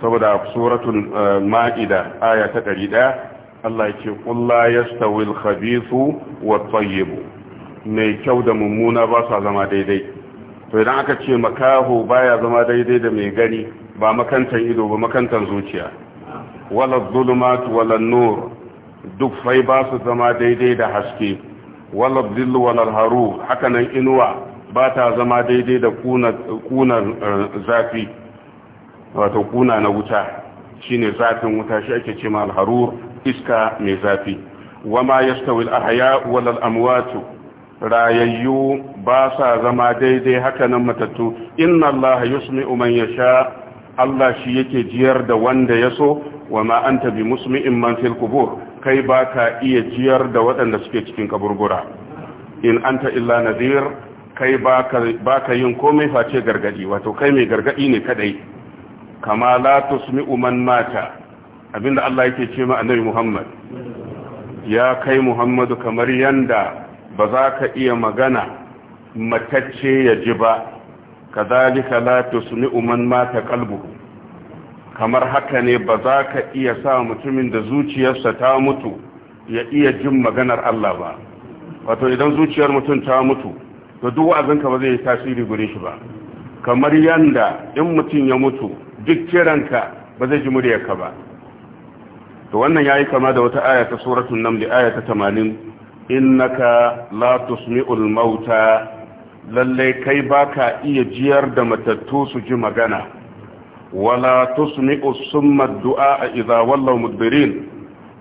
saboda suratul eh, ma'ida aya ta 100 Allah yake qul la yastawi al-khabithu wat-tayyib mai kyau da mummuna ba sa zama daidai to idan aka ce makaho baya zama daidai da mai gani ba makantan ido ba makantan zuciya wala zulumat wala nur duk fai ba su zama daidai da haske wala zillu wala haru hakanan inuwa ba ta zama daidai da kunar eh, zafi wato kuna na wuta shine zafin wuta shi ake ce ma harur iska mai zafi wama yastawi al-ahya wal amwat rayayyu ba sa zama daidai haka nan matattu inna allaha yusmi'u man yasha Allah shi yake jiyar da wanda ya so wa ma anta bi musmi'in man fil qubur kai ba ka iya jiyar da waɗanda suke cikin kaburbura in anta illa nadhir kai ba ka yin komai face gargadi wato kai mai gargadi ne kadai kama la tusmi'u man mata abinda Allah yake ce ma annabi Muhammad ya kai Muhammadu kamar yanda ba za ka iya magana matacce ya ji ba kazalika la tusmi'u man mata qalbuhu kamar haka ne ba za ka iya sa mutumin da zuciyarsa ta mutu ya iya jin maganar Allah ba wato idan zuciyar mutum ta mutu to duk wa'azinka ba zai yi tasiri gure shi ba kamar yanda in mutum ya mutu duk kiranka ba zai ji muryarka ba to wannan yayi kama da wata aya ta suratul naml aya ta 80 innaka la tusmi'ul mauta lallai kai baka iya jiyar da matattu su ji magana wala tusmi'u summa du'a idza wallaw mudbirin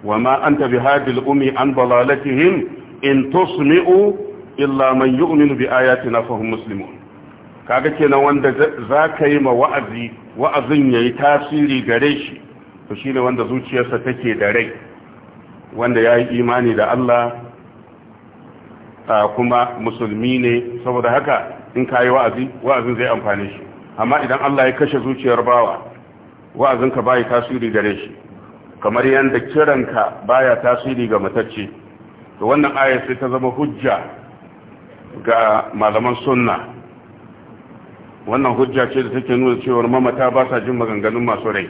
wama anta bihadi al-ummi an dalalatihim in tusmi'u illa man yu'minu bi ayatina fa hum muslimun kaga kenan wanda zaka yi ma wa'azi wa'azin yayi tasiri gare shi to shine wanda zuciyarsa take da rai wanda yayi imani da Allah kuma musulmi ne saboda haka in ka yi wa'azi wa'azin zai amfane shi amma idan Allah ya kashe zuciyar bawa wa'azinka bai tasiri gare shi kamar yadda kiranka baya tasiri ga matacce to wannan aya sai ta zama hujja ga malaman sunna wannan hujja ce da take nuna cewa mamata ba sa jin maganganun masu rai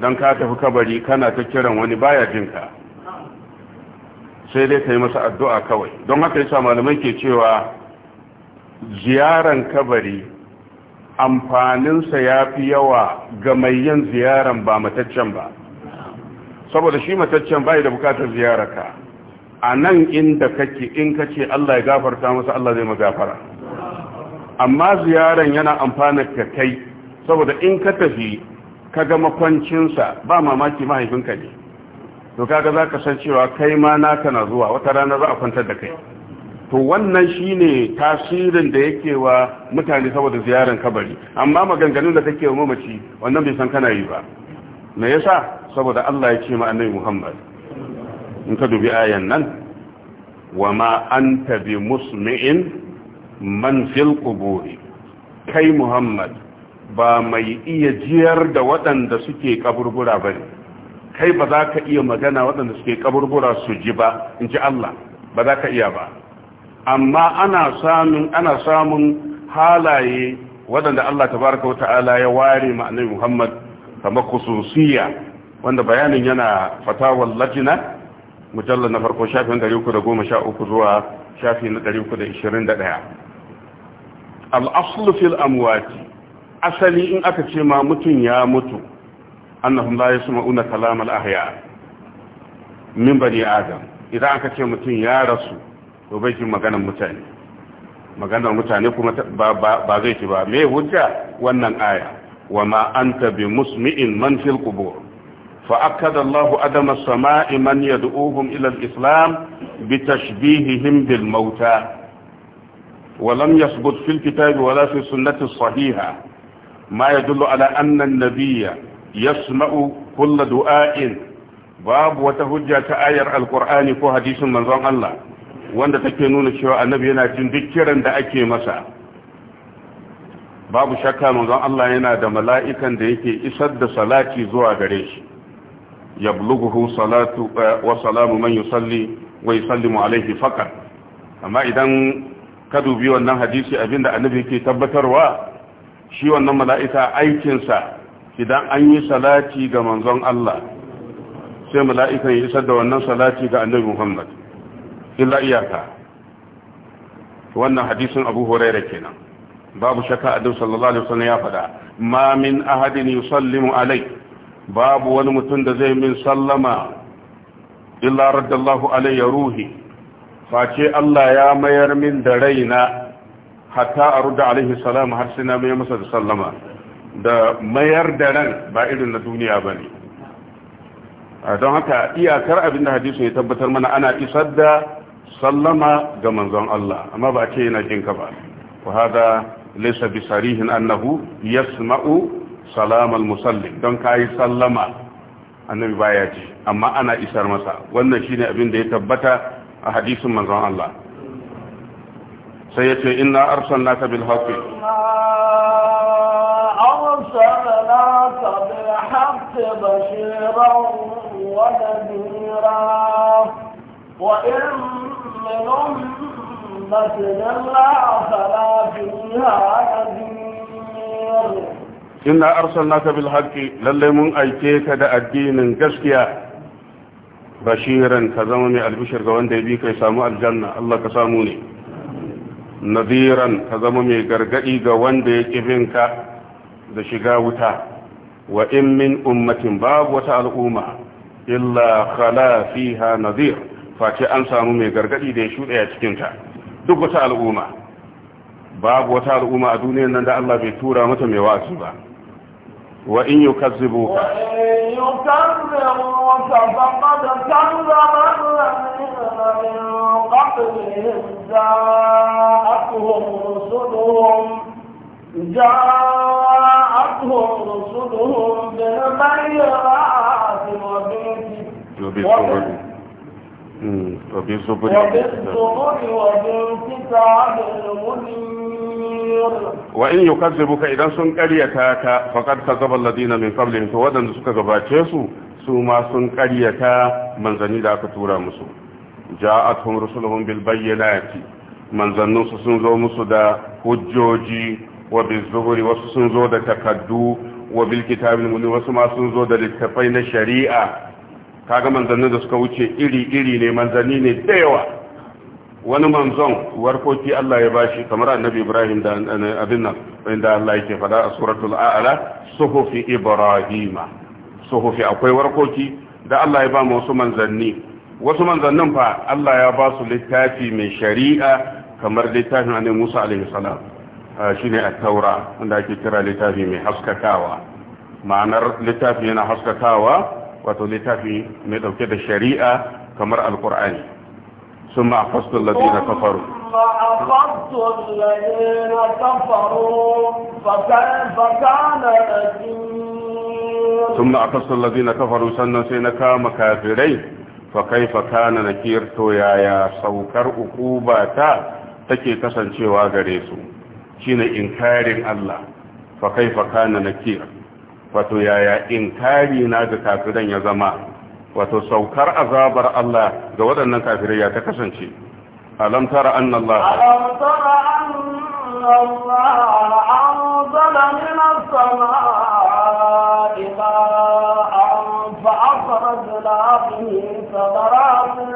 dan ka tafi kabari kana ta kiran wani baya jinka sai dai ka yi masa addu'a kawai don haka yasa malamai ke cewa ziyaran kabari amfaninsa ya fi yawa ga mai yin ziyaran ba mataccen ba saboda shi mataccen bai da bukatar ziyararka a nan inda kake in ka ce Allah ya gafarta masa Allah zai magafara amma ziyaran yana amfanar ka kai saboda in ka tafi ka ga makwancinsa ba mamaki mahaifinka ne to kaga za ka san cewa kai ma naka na zuwa wata rana za a kwantar da kai to wannan shine tasirin da yake wa mutane saboda ziyarar kabari amma maganganun da kake wa mamaci wannan bai san kana yi ba me yasa saboda Allah ya ce ma annabi Muhammad in ka dubi ayan nan wa ma anta bi musmi'in man fil quburi kai Muhammad ba mai iya jiyar da waɗanda suke kaburbura bane kai ba za ka iya magana waɗanda suke kaburbura su ji ba in ji Allah ba za ka iya ba amma ana samun ana samun halaye waɗanda Allah tabaraka Ta'ala ya ware ma annabi Muhammad kamar khususiyya wanda bayanin yana fatawar lajina mujallar na farko shafin 313 zuwa shafi na 321 al-aslu fil amwati asali in aka ce ma mutum ya mutu annahum la yasma'una kalam al-ahya min bani adam idan aka ce mutum ya rasu to bai jin maganar mutane maganar mutane kuma ba zai ci ba me hujja wannan aya wa ma anta bi musmi'in man fil qubur فأكد الله أدم السماء من يدعوهم إلى الإسلام بتشبيههم بالموتى ولم يثبت في الكتاب ولا في السنة الصحيحة ما يدل على أن النبي yasma'u kulla du'a'in babu wata hujja ta ayar alqur'ani ko hadisin manzon Allah wanda take nuna cewa annabi yana jin duk kiran da ake masa babu shakka manzon Allah yana da mala'ikan da yake isar da salati zuwa gare shi ya salatu eh, wa salamu man yusalli wa yusallimu alayhi faqat amma idan ka dubi wannan hadisi abinda annabi yake tabbatarwa shi wannan mala'ika aikinsa idan an yi salati ga manzon Allah sai mala'ikan ya isar da wannan salati ga annabi Muhammad illa iyaka wannan hadisin Abu Hurairah kenan babu shakka annabi sallallahu alaihi wasallam ya faɗa ma min ahadin yusallimu alai babu wani mutum da zai min sallama illa raddallahu alayya ruhi face Allah ya mayar min da raina hatta a rudda alaihi salam har sai na mai masa da sallama da mayar da ran ba irin na duniya ba ne don haka iyakar abin da hadisu ya tabbatar mana ana isar da sallama ga manzon Allah amma ba ce yana jinka ba ku hada laysa bi sarihin annahu yasma'u salam al-musallim don yi sallama annabi baya ce amma ana isar masa wannan shine abin da ya tabbata a hadisin manzon Allah sai yace inna arsalnaka bil haqqi أرسلناك بالحق بشيرا ونذيرا وإن من أمة إلا خلا فيها نذير إنا أرسلناك بالحق للمن أي دا الدين كسكيا بشيرا كزمني البشر كواندي بيك يسامو الجنة الله كساموني نذيرا كزمني غرغئي كواندي كفنك da shiga wuta wa in min ummatin babu wata al'umma illa khala fiha nadhir face an samu mai gargadi da ya shuɗe a ta duk wata al'umma babu wata al'umma a duniyar nan da Allah bai tura mata mai wasu ba wa in yukazzibu فقد وإن يكذبك إذا سن قريتاك فقد كذب الذين من قبلهم فودن سكا باتيسو سوما سن قريتا من ذاك تورا مسو جاءتهم رسلهم بالبينات من sun سنزو مسو دا hujjoji wa bizzuhuri wasu sun zo da takaddu wa bil kitabil wasu ma sun zo da littafai na shari'a kaga manzannin da suka wuce iri iri ne manzanni ne da yawa wani manzon warkoki Allah ya bashi kamar annabi Ibrahim da abin nan inda Allah yake fada a suratul a'la suhufi ibrahima suhufi akwai warkoki da Allah ya ba mu wasu manzanni wasu manzannin fa Allah ya ba su littafi mai shari'a kamar littafin annabi Musa alaihi salam shine at-taura wanda ake kira littafi mai haskakawa ma'anar littafi yana haskakawa wato littafi mai dauke da shari'a kamar alqur'ani summa afastu alladhina kafaru afastu alladhina kafaru fa kana ثم أقص الذين كفروا سنة سينكا مكافرين فكيف كان نكير saukar سوكر أقوباتا take kasancewa gare su. shine inkarin Allah fa kaifa kana nakir wato yaya inkari na ga kafiran ya zama wato saukar azabar Allah ga waɗannan kafirai ya ta kasance alam tara anna Allah alam tara anna Allah anzala min as-samaa'i ma'an fa akhrajna bihi thamaratan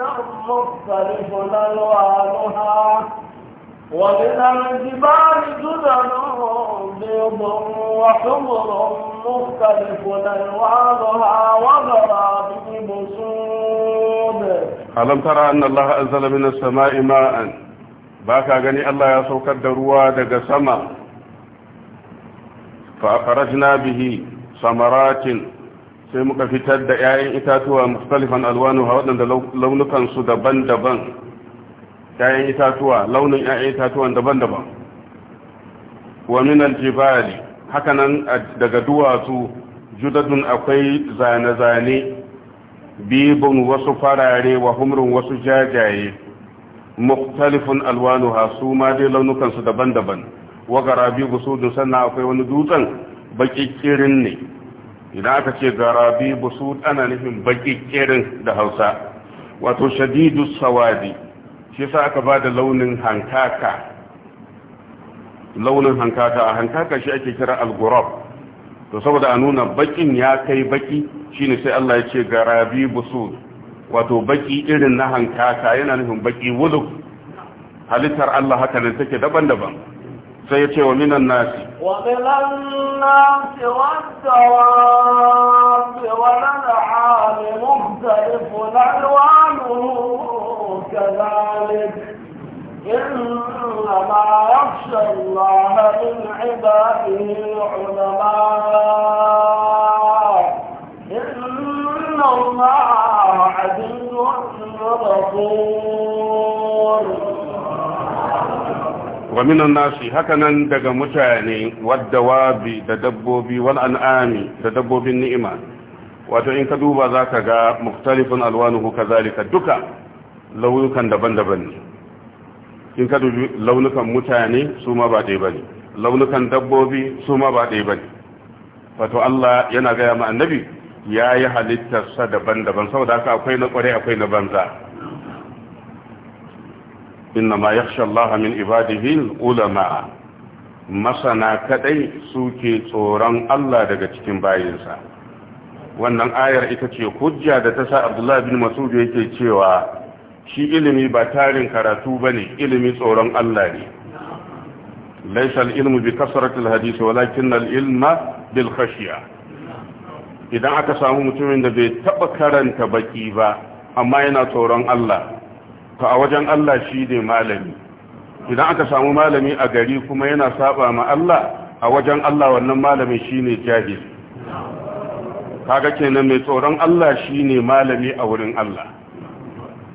mukhtalifa alwanuha ومن الجبال جدل بيض وحمر مختلف ألوانها وغرابيب سود ألم ترى أن الله أنزل من السماء ماء باكا غني الله يا سوكر دروا دغ سما فأخرجنا به ثمرات sai muka fitar da 'ya'yan itatuwa mukhtalifan alwanuha waɗanda launukansu daban ‘ya'yan itatuwa launin ‘ya'yan itatuwan daban-daban wa minan jibali hakanan daga duwatsu judadun akwai zane-zane bibin wasu farare wa humrin wasu jajaye muktalifin alwanu su ma dai launukansu daban-daban wa garabi busudun sannan akwai wani dutsen bakikirin ne idan aka ce garabi busud ana nufin bakikirin da hausa wato shadidu sawadi shi sa aka ba da launin hankaka launin hankaka a hankaka shi ake kira al-gurab to saboda a nuna bakin ya kai baki shine sai Allah ya ce garabi busud wato baki irin na hankaka yana nufin baki wudu. halittar Allah haka ne take daban-daban sai ya ce wa minan nasi wa minan nasi wadda wa كذلك إنما يخشى الله من عباده العلماء إن الله عدل غفور ومن الناس هكذا دقى متعني والدواب تدبب والأنعام تدبب النئمة وإن تدوب ذاك مختلف ألوانه كذلك الدكا launukan daban-daban ne in ka dubi launukan mutane su ma ba ɗaya ba ne launukan dabbobi su ma ba ɗaya ba ne wato Allah yana gaya ma annabi ya yi halittarsa daban-daban saboda haka akwai na ƙware akwai na banza inna ma yakhsha Allah min ibadihi ulama masana kadai suke tsoron Allah daga cikin bayinsa wannan ayar ita ce hujja da ta sa Abdullah bin Mas'ud yake cewa shi ilimi ba tarin karatu ba ne ilimi tsoron Allah ne laisal ilmu bi kasaratul hadisi walakin ilma bil khashiya idan aka samu mutumin da bai taba karanta baki ba amma yana tsoron Allah to a wajen Allah shi ne malami idan aka samu malami a gari kuma yana saba ma Allah a wajen Allah wannan shi ne jahil kaga kenan mai tsoron Allah shi ne malami a wurin Allah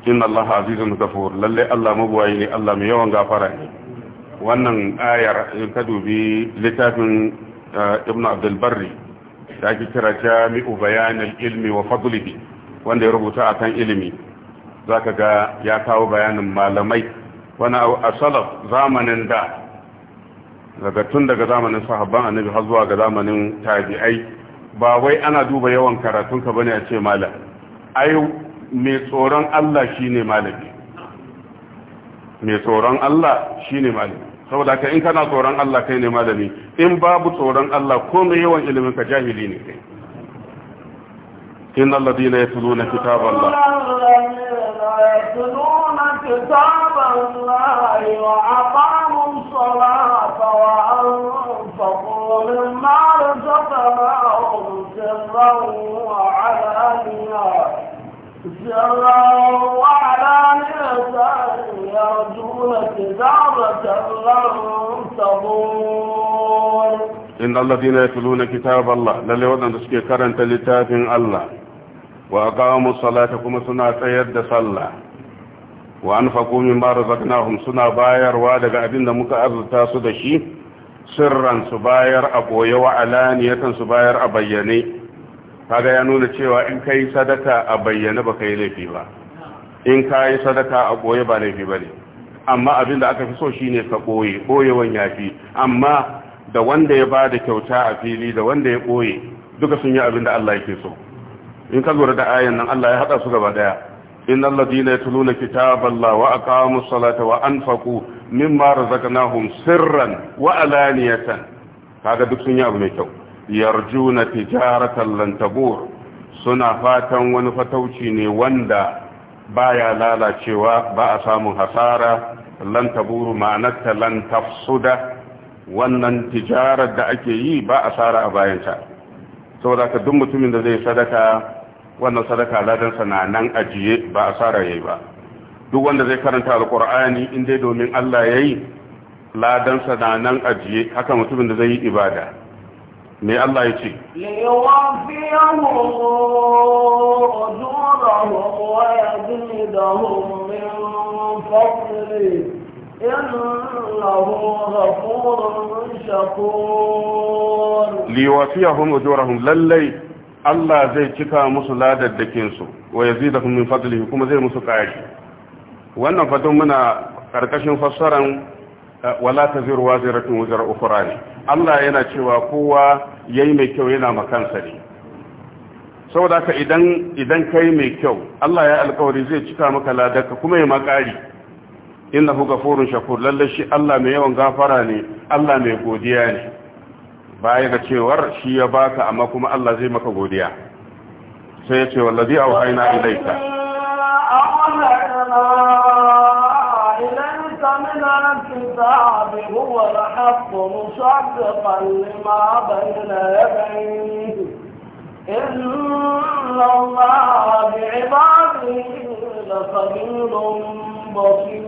inna allaha azizun ghafur lalle Allah mabuwayi ne Allah mai yawan gafara ne wannan ayar in ka dubi littafin eh, ibn abdul barri da ake kira jami'u bayanin ilmi wa fadlihi wanda ya rubuta a kan ilimi zaka ga ya kawo bayanin malamai wani a salaf zamanin da daga tun daga zamanin sahabban annabi har zuwa ga zamanin tabi'ai ba wai ana duba yawan karatunka bane a ce malam ai mai tsoron Allah shi ne malami mai tsoron Allah shi ne malami saboda ka in kana tsoron Allah kai ne malami in babu tsoron Allah ko mai yawan ilimin ka jahili ne kai إن الذين يتلون كتاب الله يتلون كتاب الله وأقاموا الصلاة وأنفقوا مما رزقناهم سرا وعلانية in Allah dina ya tuluna kitab Allah lalle waɗanda suke karanta littafin Allah wa a kawo kuma suna tsayar da sallah wa an faƙumi marar suna bayarwa daga abin da muka arzuta su da shi sirran su bayar a ɓoye wa alaniyatan su bayar a bayyane kaga ya nuna cewa in kai sadaka a bayyana ba kai laifi ba in ka yi sadaka a ɓoye ba laifi ba ne amma abin da aka fi so shine ka ɓoye koyewan ya fi amma da wanda ya ba da kyauta a fili da wanda ya ɓoye duka sun yi abin da Allah yake so in ka lura da ayan nan Allah ya hada su gaba daya إن الذين wa كتاب الله وأقاموا الصلاة وأنفقوا kaga duk duk sun yi abu mai kyau. yarjuna tijaratan lan tabur suna fatan wani fatauci ne wanda baya lalacewa ba a samun hasara lan taburu ma'anarta lan wannan tijarar da ake yi ba asara a bayanta saboda ka duk mutumin da zai sadaka wannan sadaka ladansa na nan ajiye ba asara yayi ba duk wanda zai karanta alqur'ani in dai domin Allah yayi ladansa na nan ajiye haka mutumin da zai yi ibada me Allah ya ce liwafiyahum ujurahum lallai Allah zai cika musu ladaddakin su wa yazidahum min fadlihi kuma zai musu ƙari wannan fatan muna karkashin fassaran eh, wala taziru waziratun wuzar ukhra ne Allah yana cewa kowa yayi mai kyau yana makansa ne saboda haka idan idan kai mai kyau Allah ya alkawari zai cika maka ladarka kuma ya makari innahu ghafurun shakur lallai shi Allah mai yawan gafara ne Allah mai godiya ne baya ga cewar shi ya baka amma kuma Allah zai maka godiya sai ya ce wallazi auhayna ilayka أعلم ليس من الكتاب هو الحق مصدقا لما بين يديه إن الله بعباده لخبير بصير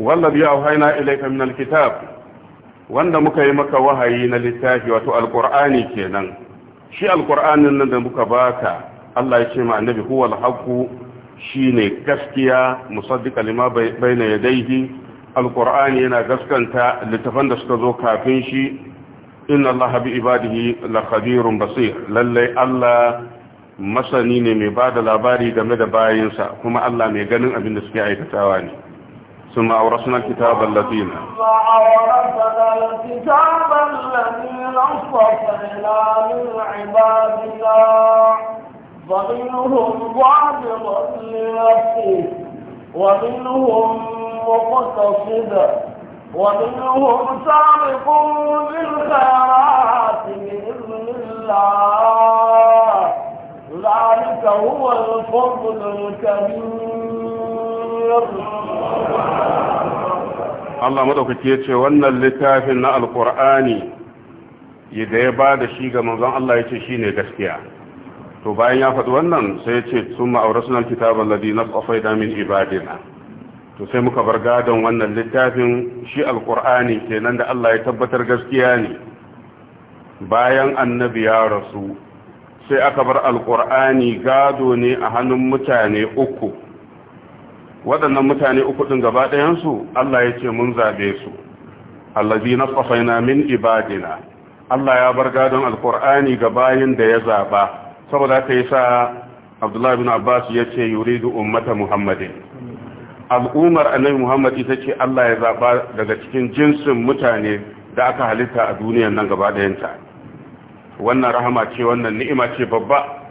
والذي أوحينا إليك من الكتاب wanda muka yi maka wahayi na littafi wato alkur'ani kenan shi alkur'anin nan da muka baka Allah ya ce ma annabi huwal haqu Shi ne gaskiya musaddiqa lima bayna yadayhi Alƙur'ani yana gaskanta littafan da suka zo kafin shi inna allaha bi ibadihi la khabirun basir lallai allah masani ne mai ba da labari game da bayinsa kuma allah mai ganin abin da suke aikatawa ne ثم أورثنا الكتاب الذين وأورثنا الكتاب الذين اصطفينا من عبادنا فمنهم ظالم لنفسه ومنهم مقتصد ومنهم سابق بالخيرات بإذن الله ذلك هو الفضل الكبير Allah madaukaki ya ce wannan littafin na alkur'ani da ya ba da shi ga manzon Allah ya ce shi ne gaskiya to bayan ya faɗi wannan sai ya ce sun ma'aurasu nan kitaban ladi na tsofai damin ibadina to sai muka bar gadon wannan littafin shi alƙur'ani kenan da allah ya tabbatar gaskiya ne bayan annabi ya rasu sai aka bar alƙur'ani gado ne a hannun mutane uku waɗannan mutane uku ɗin gaba ɗayansu allah ya ce mun zaɓe su allazi na min ibadina allah ya bar gadon alƙur'ani ga bayan da ya zaɓa saboda yi sa Abdullahi bin Abbas ya ce yuridu ummata Muhammadin al'ummar annabi Muhammad ita ce Allah ya zaba daga cikin jinsin mutane da aka halitta a duniyar nan gaba yanta. wannan rahama ce wannan ni'ima ce babba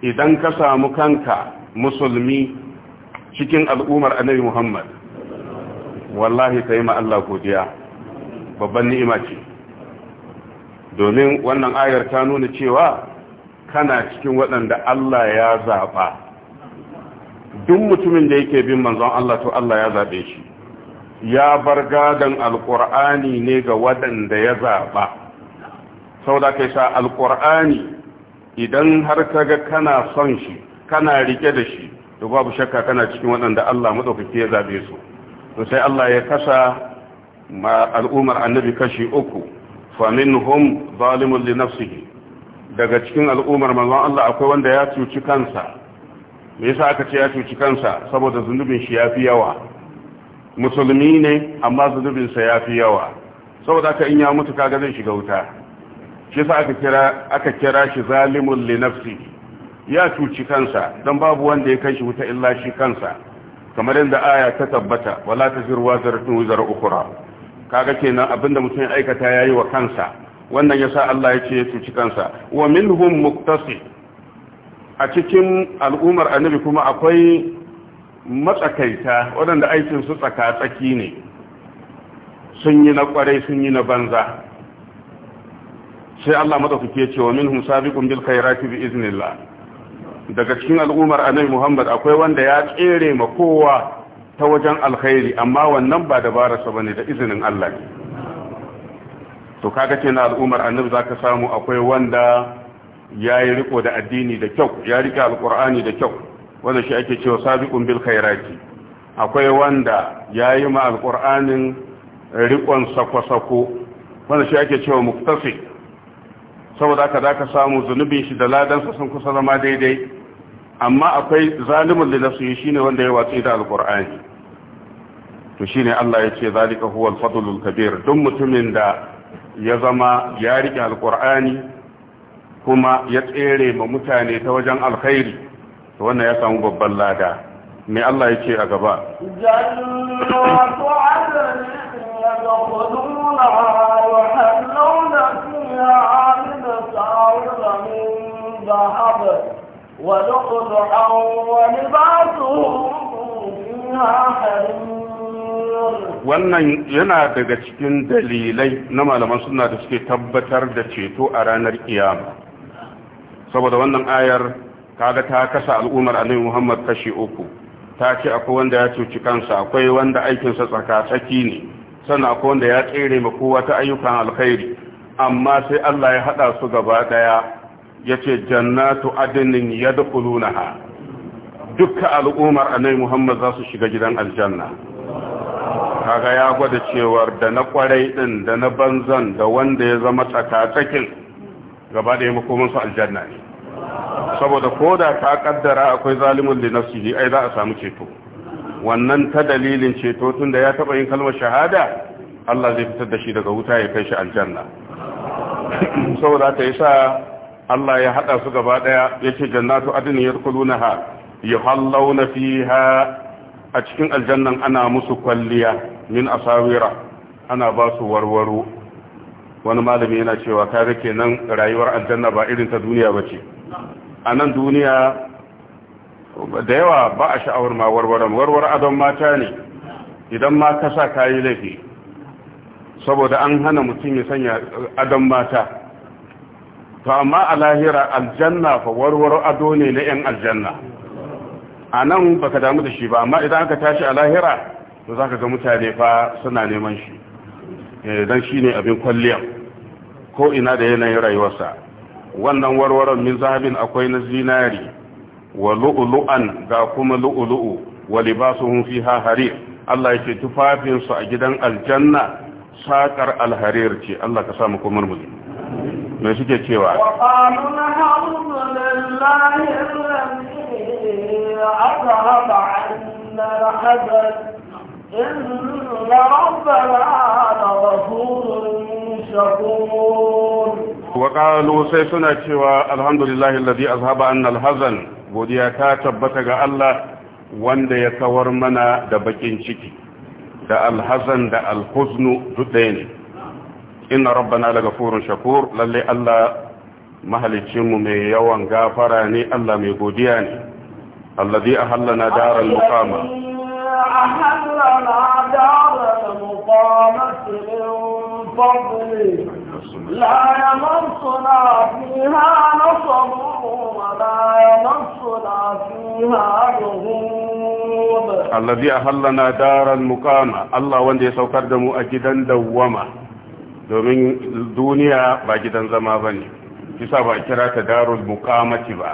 idan ka samu kanka musulmi cikin al'ummar annabi Muhammad wallahi kai ma Allah godiya babban ni'ima ce domin wannan ayar ta nuna cewa kana cikin waɗanda Allah ya zaɓa duk mutumin da yake bin manzon Allah to Allah ya zaɓe shi ya bar gadon alƙur'ani ne ga waɗanda ya zaɓa sau da kai sa alƙur'ani idan har ka ga kana son shi kana rike da shi to babu shakka kana cikin waɗanda Allah maɗaukaki ya zaɓe su to sai Allah ya kasa al'ummar annabi kashi uku faminhum zalimun li nafsihi daga cikin al'ummar manzon Allah akwai wanda ya cuci kansa me yasa aka ce ya cuci kansa saboda zunubin shi yafi yawa musulmi ne amma zunubin sa yafi yawa saboda aka in ya mutu ka kaga zai shiga wuta shi yasa aka kira aka kira shi zalimun li nafsi ya cuci kansa dan babu wanda ya kai shi wuta illa shi kansa kamar yadda aya ta tabbata wala taziru wazaratu wazar ukhra kaga kenan abinda mutum ya aikata yayi wa kansa wannan ya sa Allah ya ce ya cuci kansa wa minhum muqtasi a cikin al'umar annabi kuma akwai matsakaita waɗanda aikinsu tsaka tsaki ne sun yi na kwarai sun yi na banza sai Allah madaukake ya ce wa minhum sabiqun bil khairati bi iznillah daga cikin al'ummar annabi Muhammad akwai wanda ya tsere ma kowa ta wajen alkhairi amma wannan ba dabararsa bane da izinin Allah ne to kaga ce na al'ummar annabi zaka samu akwai wanda ya yi riko da addini da kyau ya rike alƙur'ani da kyau wanda shi ake cewa sabiqun bil khairati akwai wanda ya yi ma alƙur'anin rikon sako-sako wanda shi ake cewa muktasi saboda haka zaka samu zunubin shi da ladansa sun kusa zama daidai amma akwai zalimin da nasu shine wanda ya watsi da alƙur'ani to shine Allah ya ce zalika huwal fadlul kabir duk mutumin da ya zama ya riƙe alkur'ani kuma ya tsere ma mutane ta wajen alkhairi to wannan ya samu babban lada mai Allah ya ce a gaba ولقد عن ولباسهم فيها حرير wannan yana daga cikin dalilai na malaman suna da suke tabbatar da ceto a ranar kiyama saboda wannan ayar kaga ta kasa al'ummar annabi Muhammad kashi uku ta ce akwai wanda ya cuci kansa akwai wanda aikinsa tsaka-tsaki ne sannan akwai wanda ya tsere ma kowa ta ayyukan alkhairi amma sai Allah ya haɗa su gaba ɗaya daya yace jannatu adnin yadkhulunaha dukka al'ummar annabi Muhammad za su shiga gidan aljanna kaga ya gwada cewar da na kwarai din da na banzan da wanda ya zama tsakatsakin gaba da ya makomansu aljanna ne saboda ko da ta kaddara akwai zalimin da nafsihi ai za a samu ceto wannan ta dalilin ceto tun da ya taba yin kalmar shahada Allah zai fitar da shi daga wuta ya kai shi aljanna (clears throat) saboda ta yasa Allah ya hada su gaba daya yace jannatu adnin yadkhulunaha yuhallawna fiha a cikin aljannan ana musu kwalliya min asawira ana ba su warwaro wani malami yana cewa kare kenan rayuwar aljanna ba irin ta duniya bace a nan duniya da yawa ba a sha'awar ma warwaran warwar adon mata ne idan ma ka sa kayi laifi saboda an hana mutum ya sanya adon mata to amma a lahira aljanna fa warwaro ado ne na 'yan aljanna a nan ba ka damu da shi ba amma idan aka tashi a lahira to za ka ga mutane fa suna neman shi eh, don shi ne abin kwalliyar ko ina da yanayin rayuwarsa wannan warwaron min zahabin akwai na zinari wa lu'ulu'an ga kuma lu'ulu'u wa libasuhum fiha harir Allah yake tufafin su a gidan aljanna sakar alharir ce Allah ka samu kuma murmuri me suke cewa wa qalu alhamdulillahi alladhi azhaba إن ربنا لغفور شكور وقالوا سيسنا شوى الحمد لله الذي أذهب عنا الحزن godiya tabbata ga Allah wanda ya kawar mana da bakin ciki da alhazan da alhuznu duk ɗaya ne inna rabbana daga furin shakur lalle Allah mahalicinmu mai yawan gafara ne Allah mai godiya ne allazi ahallana daral muqama من فضله لا يمسنا فيها نصب ولا يمسنا فيها لغوب الذي أهلنا دار المقامة الله وندي سوكر دمو أجدا دوما domin duniya ba gidan zama ba ne kisa ba kira ta darul mukamati ba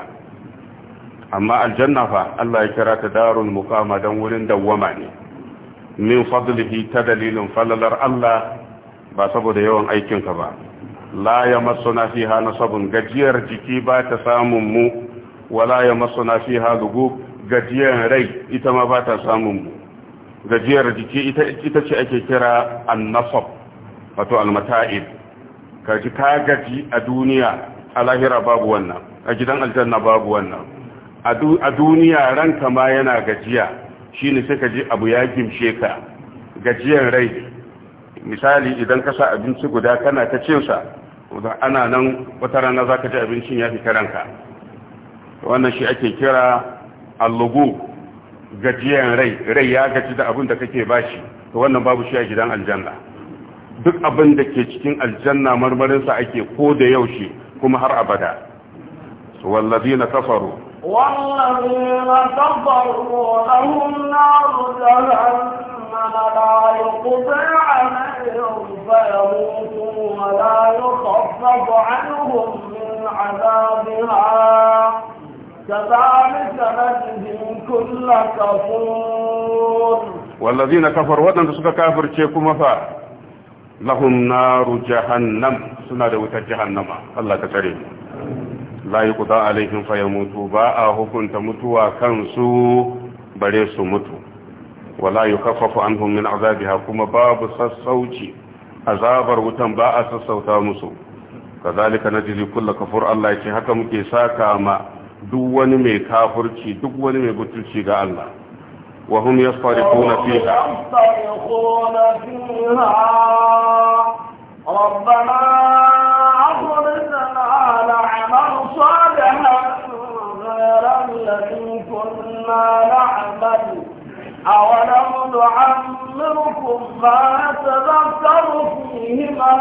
amma aljannafa, Allah ya kira ta darul mukama don wurin dawwama ne min fadlihi ta dalilin falalar Allah ba saboda yawan aikinka ba la ya masuna fiha nasabun gajiyar jiki ba ta samun mu wala ya masuna fiha lugub gajiyar rai ita ma ba ta samun mu gajiyar jiki ita ce ake kira annasab wato almata'id ka ji ka gaji a duniya a lahira babu wannan a gidan aljanna babu wannan a duniya ranka ma yana gajiya shine sai ka ji abu ya gimshe ka gajiyar rai misali idan ka sa abinci guda kana ta cin sa ana nan wata rana za ka ji abincin ya fi karanka. wannan shi ake kira allugu gajiyar rai rai ya gaji da abin da kake shi ta wannan babu shi a gidan aljanna duk abin da ke cikin aljanna marmarinsa ake ko da yaushe kuma har abada na kafaru والذين كفروا لهم نار جهنم لا يقضي عليهم فيموتوا ولا يخفف عنهم من عذابها كذلك نجزي كل كفور والذين كفروا ودن سكا كافر تشيكم فا لهم نار جهنم سنة وتجهنم الله تكريم لا يقضى عليهم فيموتوا باء حكم تموتوا كنسو بريسو متو ولا يخفف عنهم من عذابها كما باب الصوتي عذاب وتم باء سسوتا مسو كذلك نجزي كل كفر الله يتي حكم كي ساكا ما duk wani mai kafurci duk wani mai butulci ga Allah wa hum yasfarikuna fiha rabbana aghfir الذي كنا نعمل أولم نعمركم ما تذكر فيه من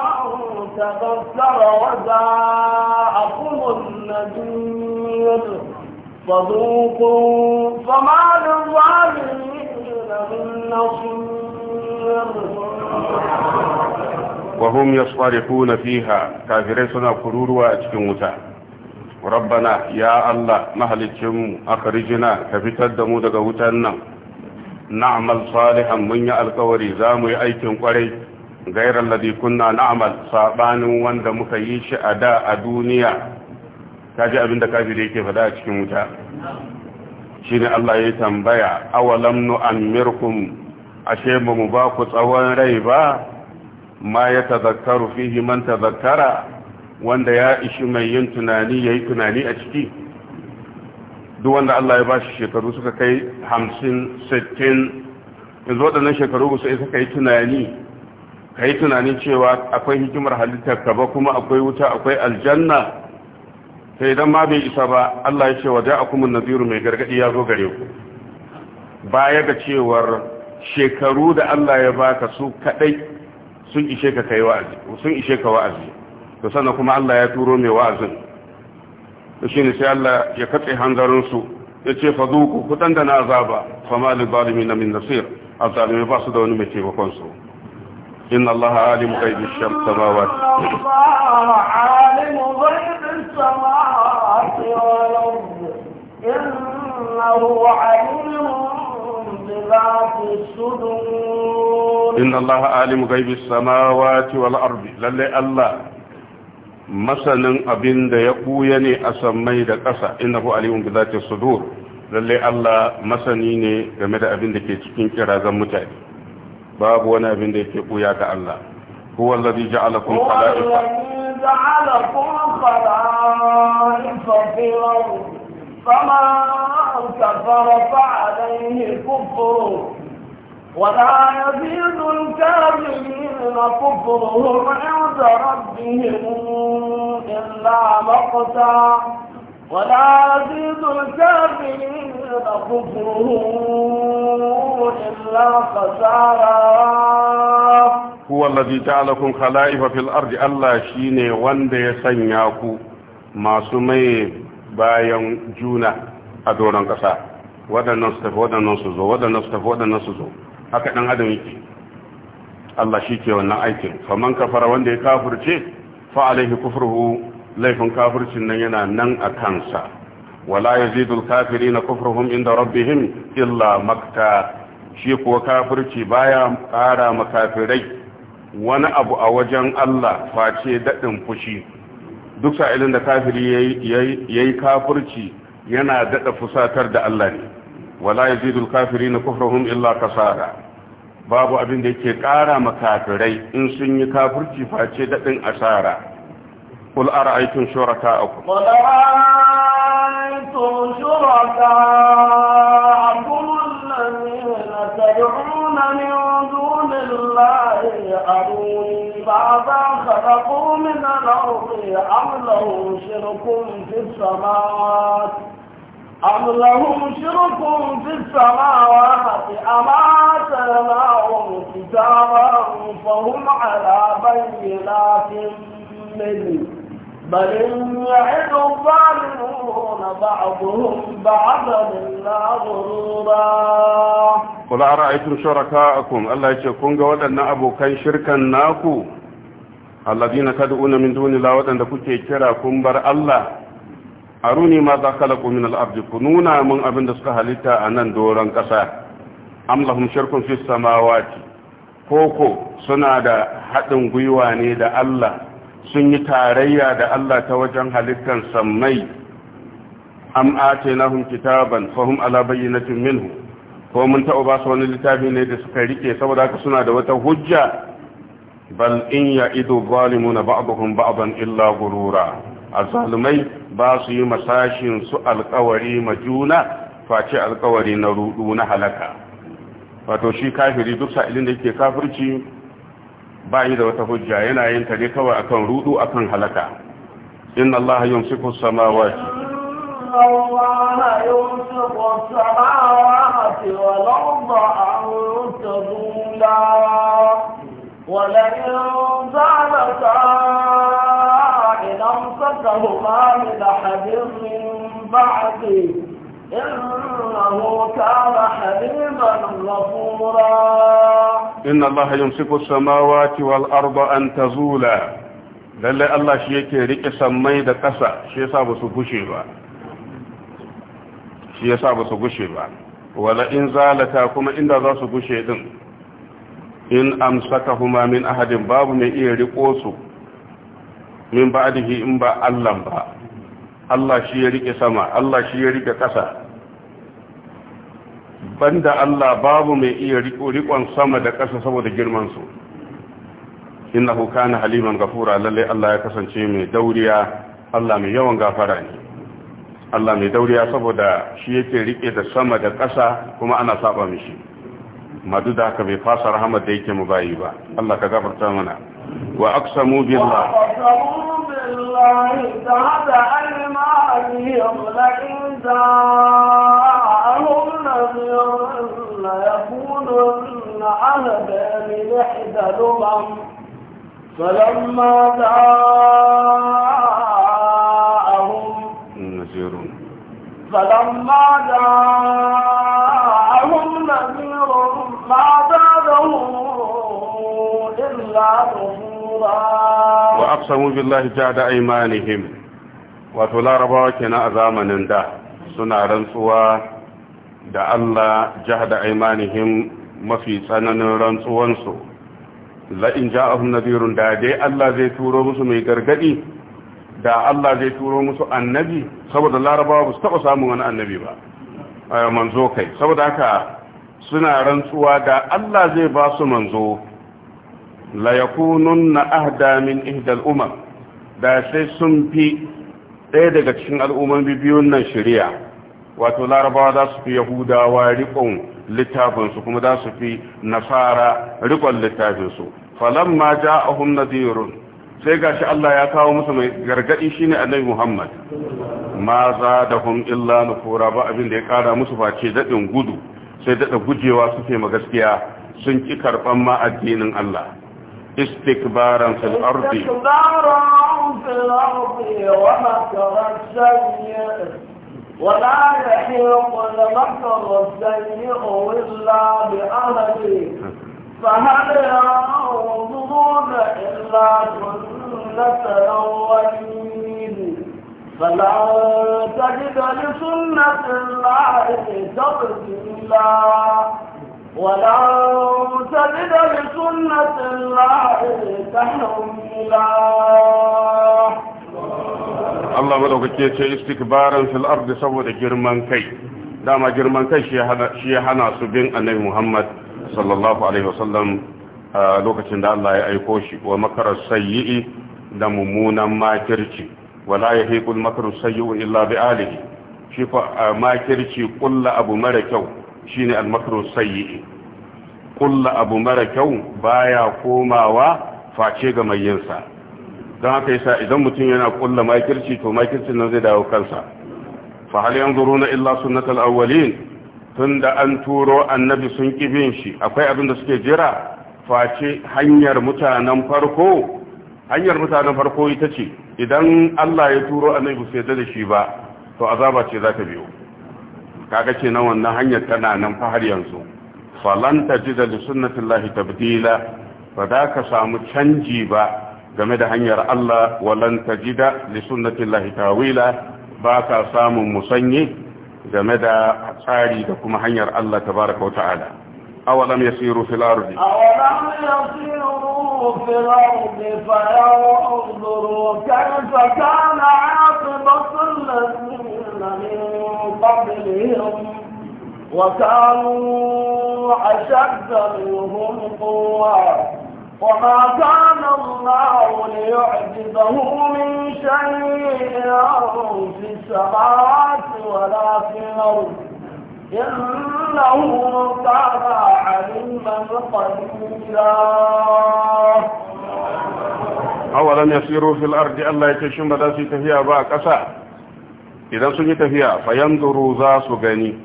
تذكر وجاءكم النذير فذوقوا فما للظالمين من نصير وهم يصطرخون فيها كافرين سنة قرور وأتكموتها rabbana ya Allah mahalicinmu akhrijna ka fitar da mu daga wutan nan Na'amal salihan mun yi alkawari za mu yi aikin kwarai gairar ladi kunna na'amal sabanin wanda muka yi shi a da a duniya kaji abinda da yake faɗa a cikin wuta shine Allah ya tambaya awalam nu'ammirkum ashe ba mu ba ku tsawon rai ba ma ya tazakkaru fihi man wanda ya ishi mai yin tunani ya yi tunani a ciki duk wanda Allah ya ba shi shekaru suka kai hamsin sittin yanzu waɗannan shekaru su isa ka yi tunani ka yi tunanin cewa akwai hikimar halittar ka ba kuma akwai wuta akwai aljanna ta idan ma bai isa ba Allah ya ce wa a kuma naziru mai gargaɗi ya zo gare ku baya ga cewar shekaru da Allah ya baka su kaɗai sun ishe ka wa'azi to sannan kuma Allah ya turo mai wa'azin to sai Allah ya katse hanzarin su ce fa zuku ku dandana azaba fa ma lil zalimin min nasir ba su da wani mai taimakon su إن الله عالم غيب السماوات إن الله عالم غيب السماوات والأرض الله masanin abin da ya buya ne a sammai da ƙasa innahu alimun bi su sudur lalle Allah masani ne game da abin da ke cikin kirazan mutane babu wani abin da yake buya ga Allah huwa allazi ja'alakum khala'ifa khala'ifa fil ard fama ولا يزيد الكافرين كفرهم عند ربهم إلا مقتا ولا يزيد الكافرين كفرهم إلا خسارا هو الذي جعلكم خلائف في الأرض الله شيني وند يسنياكو ما سمي bayan جونا a doron ودا نصف ودا نصف ودا نصف ودا نصف su haka ɗan adam yake Allah shi ke wannan aikin faman kafara wanda ya kafirce fa alaihi kufruhu laifin kafircin nan yana nan a kansa wala yazidul kafirina kufruhum inda rabbihim illa makta shi kuwa kafirci baya ƙara makafirai wani abu a wajen Allah face daɗin fushi duk sa'ilin da kafiri yayi yi kafirci yana daɗa fusatar da Allah ne wala yazidu al-kafirina kufrahum illa kasara babu abin da yake kara makafirai in sun yi kafirci face dadin asara qul ara'aytum shuraka'akum qul ara'aytum shuraka'akum alladhina tad'una min duni allahi aruni ba'da khalaqu min al-ardi am lahum shirkun fis samawati أم لهم شرك في السماوات أما آتيناهم كتابا فهم على بينات منه بل إن يعد الظالمون بعضهم بعضا إلا غرورا قل أرأيتم شركاءكم الله يشكون أن أبو كان شركا ناكو الذين تدعون من دون الله ودن كنت يشركون بر الله aruni ma za khalaqu min al'abdi ku kununa mun abin da suka halitta a nan doron kasa am lahum shirkun fi samawati koko suna da haɗin gwiwa ne da Allah sun yi tarayya da Allah ta wajen halittar sammai am atainahum kitaban fahum ala bayyinatin minhu ko mun taɓa ba su wani littafi ne da suka rike saboda haka suna da wata hujja bal in ya'idu zalimuna ba'dhum ba'dan illa gurura azzalimai ba su yi masashin su alkawari majuna face alkawari na rudu na halaka wato shi kafiri duk sa'ilin da yake kafirci ba yi da wata hujja yana yin ta ne kawai akan rudu akan halaka inna allaha yumsiku samawati ولئن زالتا أمسكهما من أحد من بعدي إنه كان حليما غفورا إن الله يمسك السماوات والأرض أن تزولا lallai Allah shi yake rike sammai da ƙasa shi yasa ba su gushe ba shi yasa ba su gushe ba wala in zalata kuma inda za su gushe din in amsaka huma min ahadin babu mai iya riko su min ba'dihi in ba Allah ba Allah shi ya rike sama Allah shi ya rike ƙasa banda Allah babu mai iya riƙon sama da ƙasa saboda girman su innahu kana haliman gafura lalle Allah ya kasance mai dauriya Allah mai yawan gafara ne Allah mai dauriya saboda shi yake rike da sama da ƙasa kuma ana saba mishi madu da haka bai fasa rahmat da yake mu bayi ba Allah ka gafarta mana وأقسموا بالله وأقسموا بالله نذير ليكونن إحدى الأمم فلما جاءهم نذير فلما جاءهم نذير ما wa aqsamu billahi jada aymanihim wato larabawa kenan a zamanin da suna rantsuwa da Allah jahada aymanihim mafi tsananin rantsuwansu in ja'ahum nadhirun da dai Allah zai turo musu mai gargadi da Allah zai turo musu annabi saboda larabawa ba su taɓa samun wani annabi ba manzo kai saboda haka suna rantsuwa da Allah zai ba su manzo la yakununna ahda min ihdal umam da sai sun fi ɗaya daga cikin al'ummar biyun nan shari'a wato larabawa za su fi yahudawa riƙon littafinsu kuma za su fi nasara rikon littafinsu falamma ja'ahum zirun sai gashi Allah ya kawo musu mai gargadi shine Annabi Muhammad ma hun illa nufura ba abin da ya ƙara musu face daɗin gudu sai daɗa gujewa suke ma gaskiya sun ƙi karɓar ma addinin Allah استكبارا في الأرض استكبارا في الأرض ومكر السيء ولا يحيق المكر السيء إلا بأهله فهل ينظرون إلا سنة الأولين فلا تجد لسنة الله تبديلا ولن تجد لسنة الله تحويلا Allah madaukake ce istikbaran fil ardi saboda girman kai dama girman kai shi ya hana su bin annabi Muhammad sallallahu alaihi wasallam lokacin da Allah ya aiko shi wa makarar sayyi da mummunan makirci wala yahiqul makru sayyi illa bi alihi shi fa makirci kullu abu mara kyau shine al-makru sayyi kulla abu mara kyau baya komawa face ga mai yinsa don haka yasa idan mutum yana kulla makirci to makircin nan zai dawo kansa fa hal yanzuruna illa sunnatal awwalin tunda an turo annabi sun kibin shi akwai abin da suke jira face hanyar mutanen farko hanyar mutanen farko ita ce idan Allah ya turo annabi sai da shi ba to azaba ce za ta biyo kaga kenan wannan hanyar tana nan fa har yanzu falan da li Lahi tabdila ba za ka samu canji ba game da hanyar Allah walan da li Lahi tawila ba ka samun musanye game da tsari da kuma hanyar Allah tabaraka wa ta'ala أولم يسيروا في الأرض أولم يسيروا في الأرض فينظروا كيف كان عاقبة الذين من قبلهم وكانوا أشد منهم قوة وما كان الله ليعجزه من شيء في السماوات ولا في الأرض إنه كان عليما قديرا awalan yasiru fil ardi Allah ya shin ba za su yi tafiya ba a ƙasa idan sun yi tafiya fa yanzuru za su gani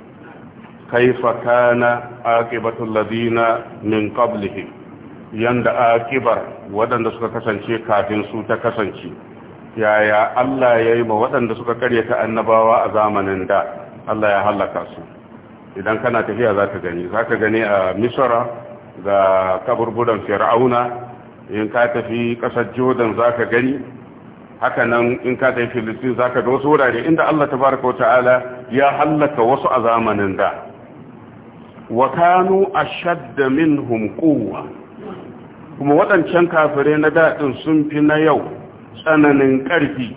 kaifa kana aqibatul ladina min qablihim yanda aƙibar waɗanda suka kasance kafin su ta kasance yaya Allah yayi ma waɗanda suka karya ta annabawa a zamanin da Allah ya halaka su idan kana tafiya za ka gani za ka gani a misra da kaburburan fir'auna in ka tafi ƙasar jordan za ka gani nan in ka tafi filistin za ka ga wasu wurare inda allah ta baraka wata'ala ya hallaka wasu a zamanin da wa kanu shadda min quwwa kuma waɗancan kafirai na daɗin sun fi na yau tsananin ƙarfi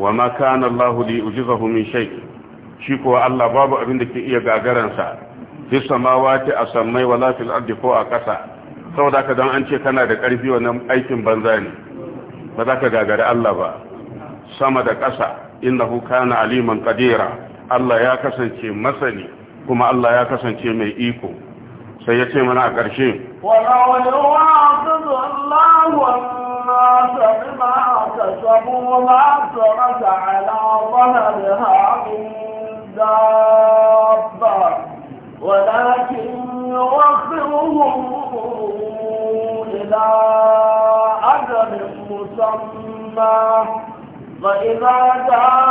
wa ma kana allah li ujizahu min shay'in shi kuwa Allah babu abin da ke iya gagaransa fi samawati a sammai wala fil ardi ko a ƙasa saboda ka don an ce kana da ƙarfi wannan aikin banza ne ba za ka gagari Allah ba sama da ƙasa innahu kana aliman qadira Allah ya kasance masani kuma Allah ya kasance mai iko sai ya ce mana a ƙarshe wa على ظهرها دابة ولكن يوخرهم إلى أجل مسمى فإذا جاء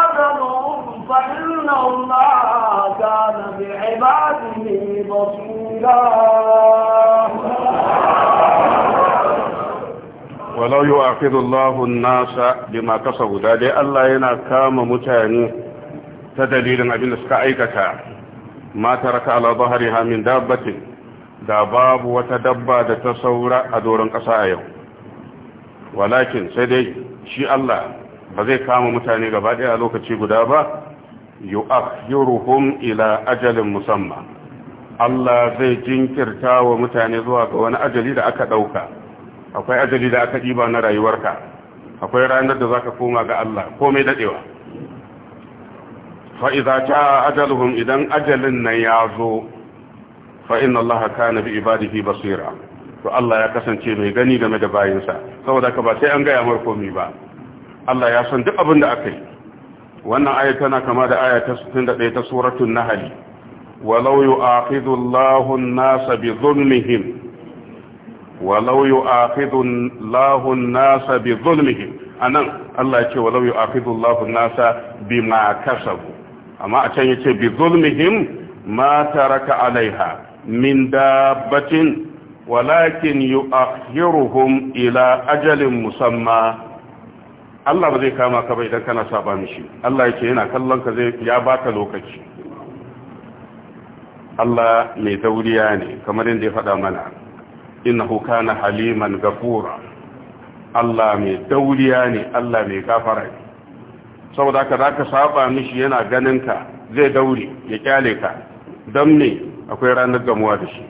أجلهم فإن الله كان بعباده بصيرا walau yi wa afidun nasa bi ma guda dai Allah yana kama mutane ta dalilin abin da suka aikata mata raka har yi hamin dabbatin da babu wata dabba da ta saura a doron ƙasa a yau walakin sai dai shi Allah ba zai kama mutane gaba ɗaya lokaci guda ba yu'akhiruhum ila ajalin musamman Allah zai jinkirta wa mutane zuwa ga wani ajali da aka ɗauka akwai ajali da aka ɗiba na rayuwarka akwai ranar da zaka koma ga Allah komai dadewa fa idza jaa idan ajalin nan ya zo fa Allah kana bi ibadihi basira to Allah ya kasance mai gani game da bayansa saboda ka ba sai an gaya yamar komai ba Allah ya san duk abin da aka yi wannan aya tana kama da aya ta 61 ta suratun nahali walau yu'akhidhu nasa walau yu'akhidhu Allahu an-nasa bi zulmihim anan Allah yace walau yu'akhidhu Allahu an-nasa bi kasabu amma a can yace bi zulmihim ma taraka 'alaiha min dabbatin walakin yu'akhiruhum ila ajalin musamma Allah ba zai kama ka ba idan kana saba mishi Allah yake yana kallon ka zai ya baka lokaci Allah mai dauriya ne kamar yadda ya faɗa mana innahu kana haliman gafura Allah mai dauriya ne Allah mai gafara ne saboda haka zaka saba mishi yana ganin ka zai dauri ya kyale ka dan me akwai ranar gamuwa da shi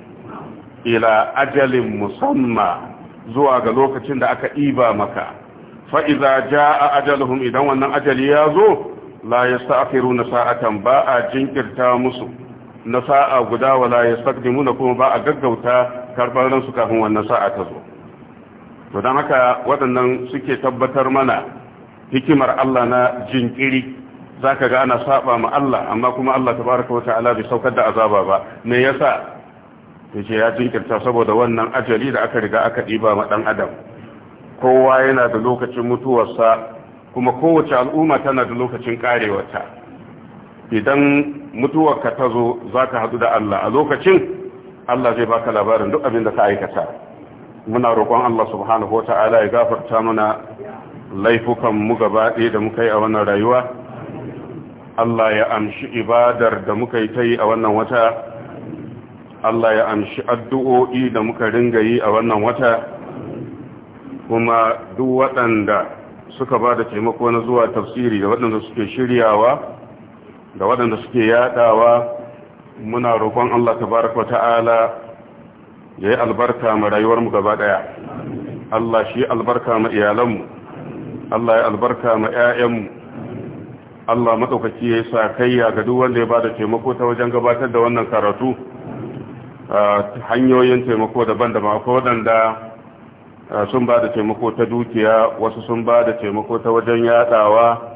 ila ajalin musamma zuwa ga lokacin da aka iba maka fa idza jaa ajaluhum idan wannan ajali ya zo la yasta'khiruna sa'atan ba a jinkirta musu na sa'a guda wala yastaqdimuna kuma ba a gaggauta karban ransu kafin wannan sa'a ta zo to don haka waɗannan suke tabbatar mana hikimar Allah na jinkiri za ka ga ana saba ma Allah amma kuma Allah ta baraka wata ala bai saukar da azaba ba me ya sa? ta ce ya jinkirta saboda wannan ajali da aka riga aka ɗiba ma ɗan adam kowa yana da lokacin mutuwarsa kuma kowace al'umma tana da lokacin ƙarewarta idan mutuwar ka ta zo za ka haɗu da Allah a lokacin Allah zai baka labarin duk abin da ka aikata muna roƙon Allah subhanahu wa ta'ala ya gafarta mana laifukan mu gaba ɗaya da muka yi a wannan rayuwa Allah ya amshi ibadar da muka yi ta yi a wannan wata Allah ya amshi addu'o'i da muka ringa yi a wannan wata kuma duk waɗanda suka ba da taimako na zuwa tafsiri da waɗanda suke shiryawa da waɗanda suke yaɗawa muna roƙon Allah wa ta'ala ya yi albarka ma rayuwarmu gaba ɗaya Allah shi albarka ma iyalanmu Allah ya albarka ma 'ya'yanmu Allah matsaukaki ya yi sa kayya ga duk wanda ya ba da taimako ta wajen gabatar da wannan karatu hanyoyin taimako daban-daban mako waɗanda sun ba da taimako ta dukiya wasu sun ba da taimako ta wajen yaɗawa.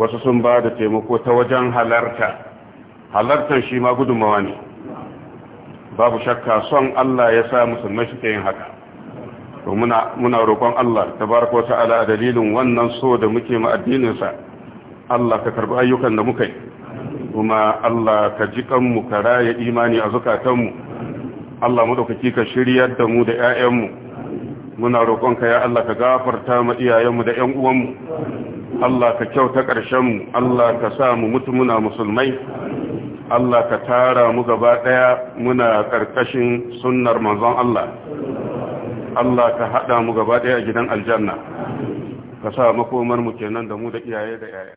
wasu sun ba da taimako ta wajen halarta halartar shi ma gudunmawa ne babu shakka son Allah ya sa shi suke yin haka to muna roƙon Allah tabaraka wa Ala a dalilin wannan so da muke ma addinin sa Allah ka karbi ayyukan da muka yi kuma Allah ka ji kanmu ka raya imani a zukatanmu Allah mu dauki ka shiryar da mu da 'ya'yanmu. muna roƙon ka ya Allah ka gafarta ma iyayenmu da yan uwanmu Allah ka kyauta ƙarshenmu Allah ka sa mu mutu muna musulmai Allah ka tara mu gaba ɗaya muna ƙarƙashin sunnar manzon Allah Allah ka haɗa mu gaba ɗaya a gidan aljanna ka sa makomar mu kenan da mu da iyaye da yaya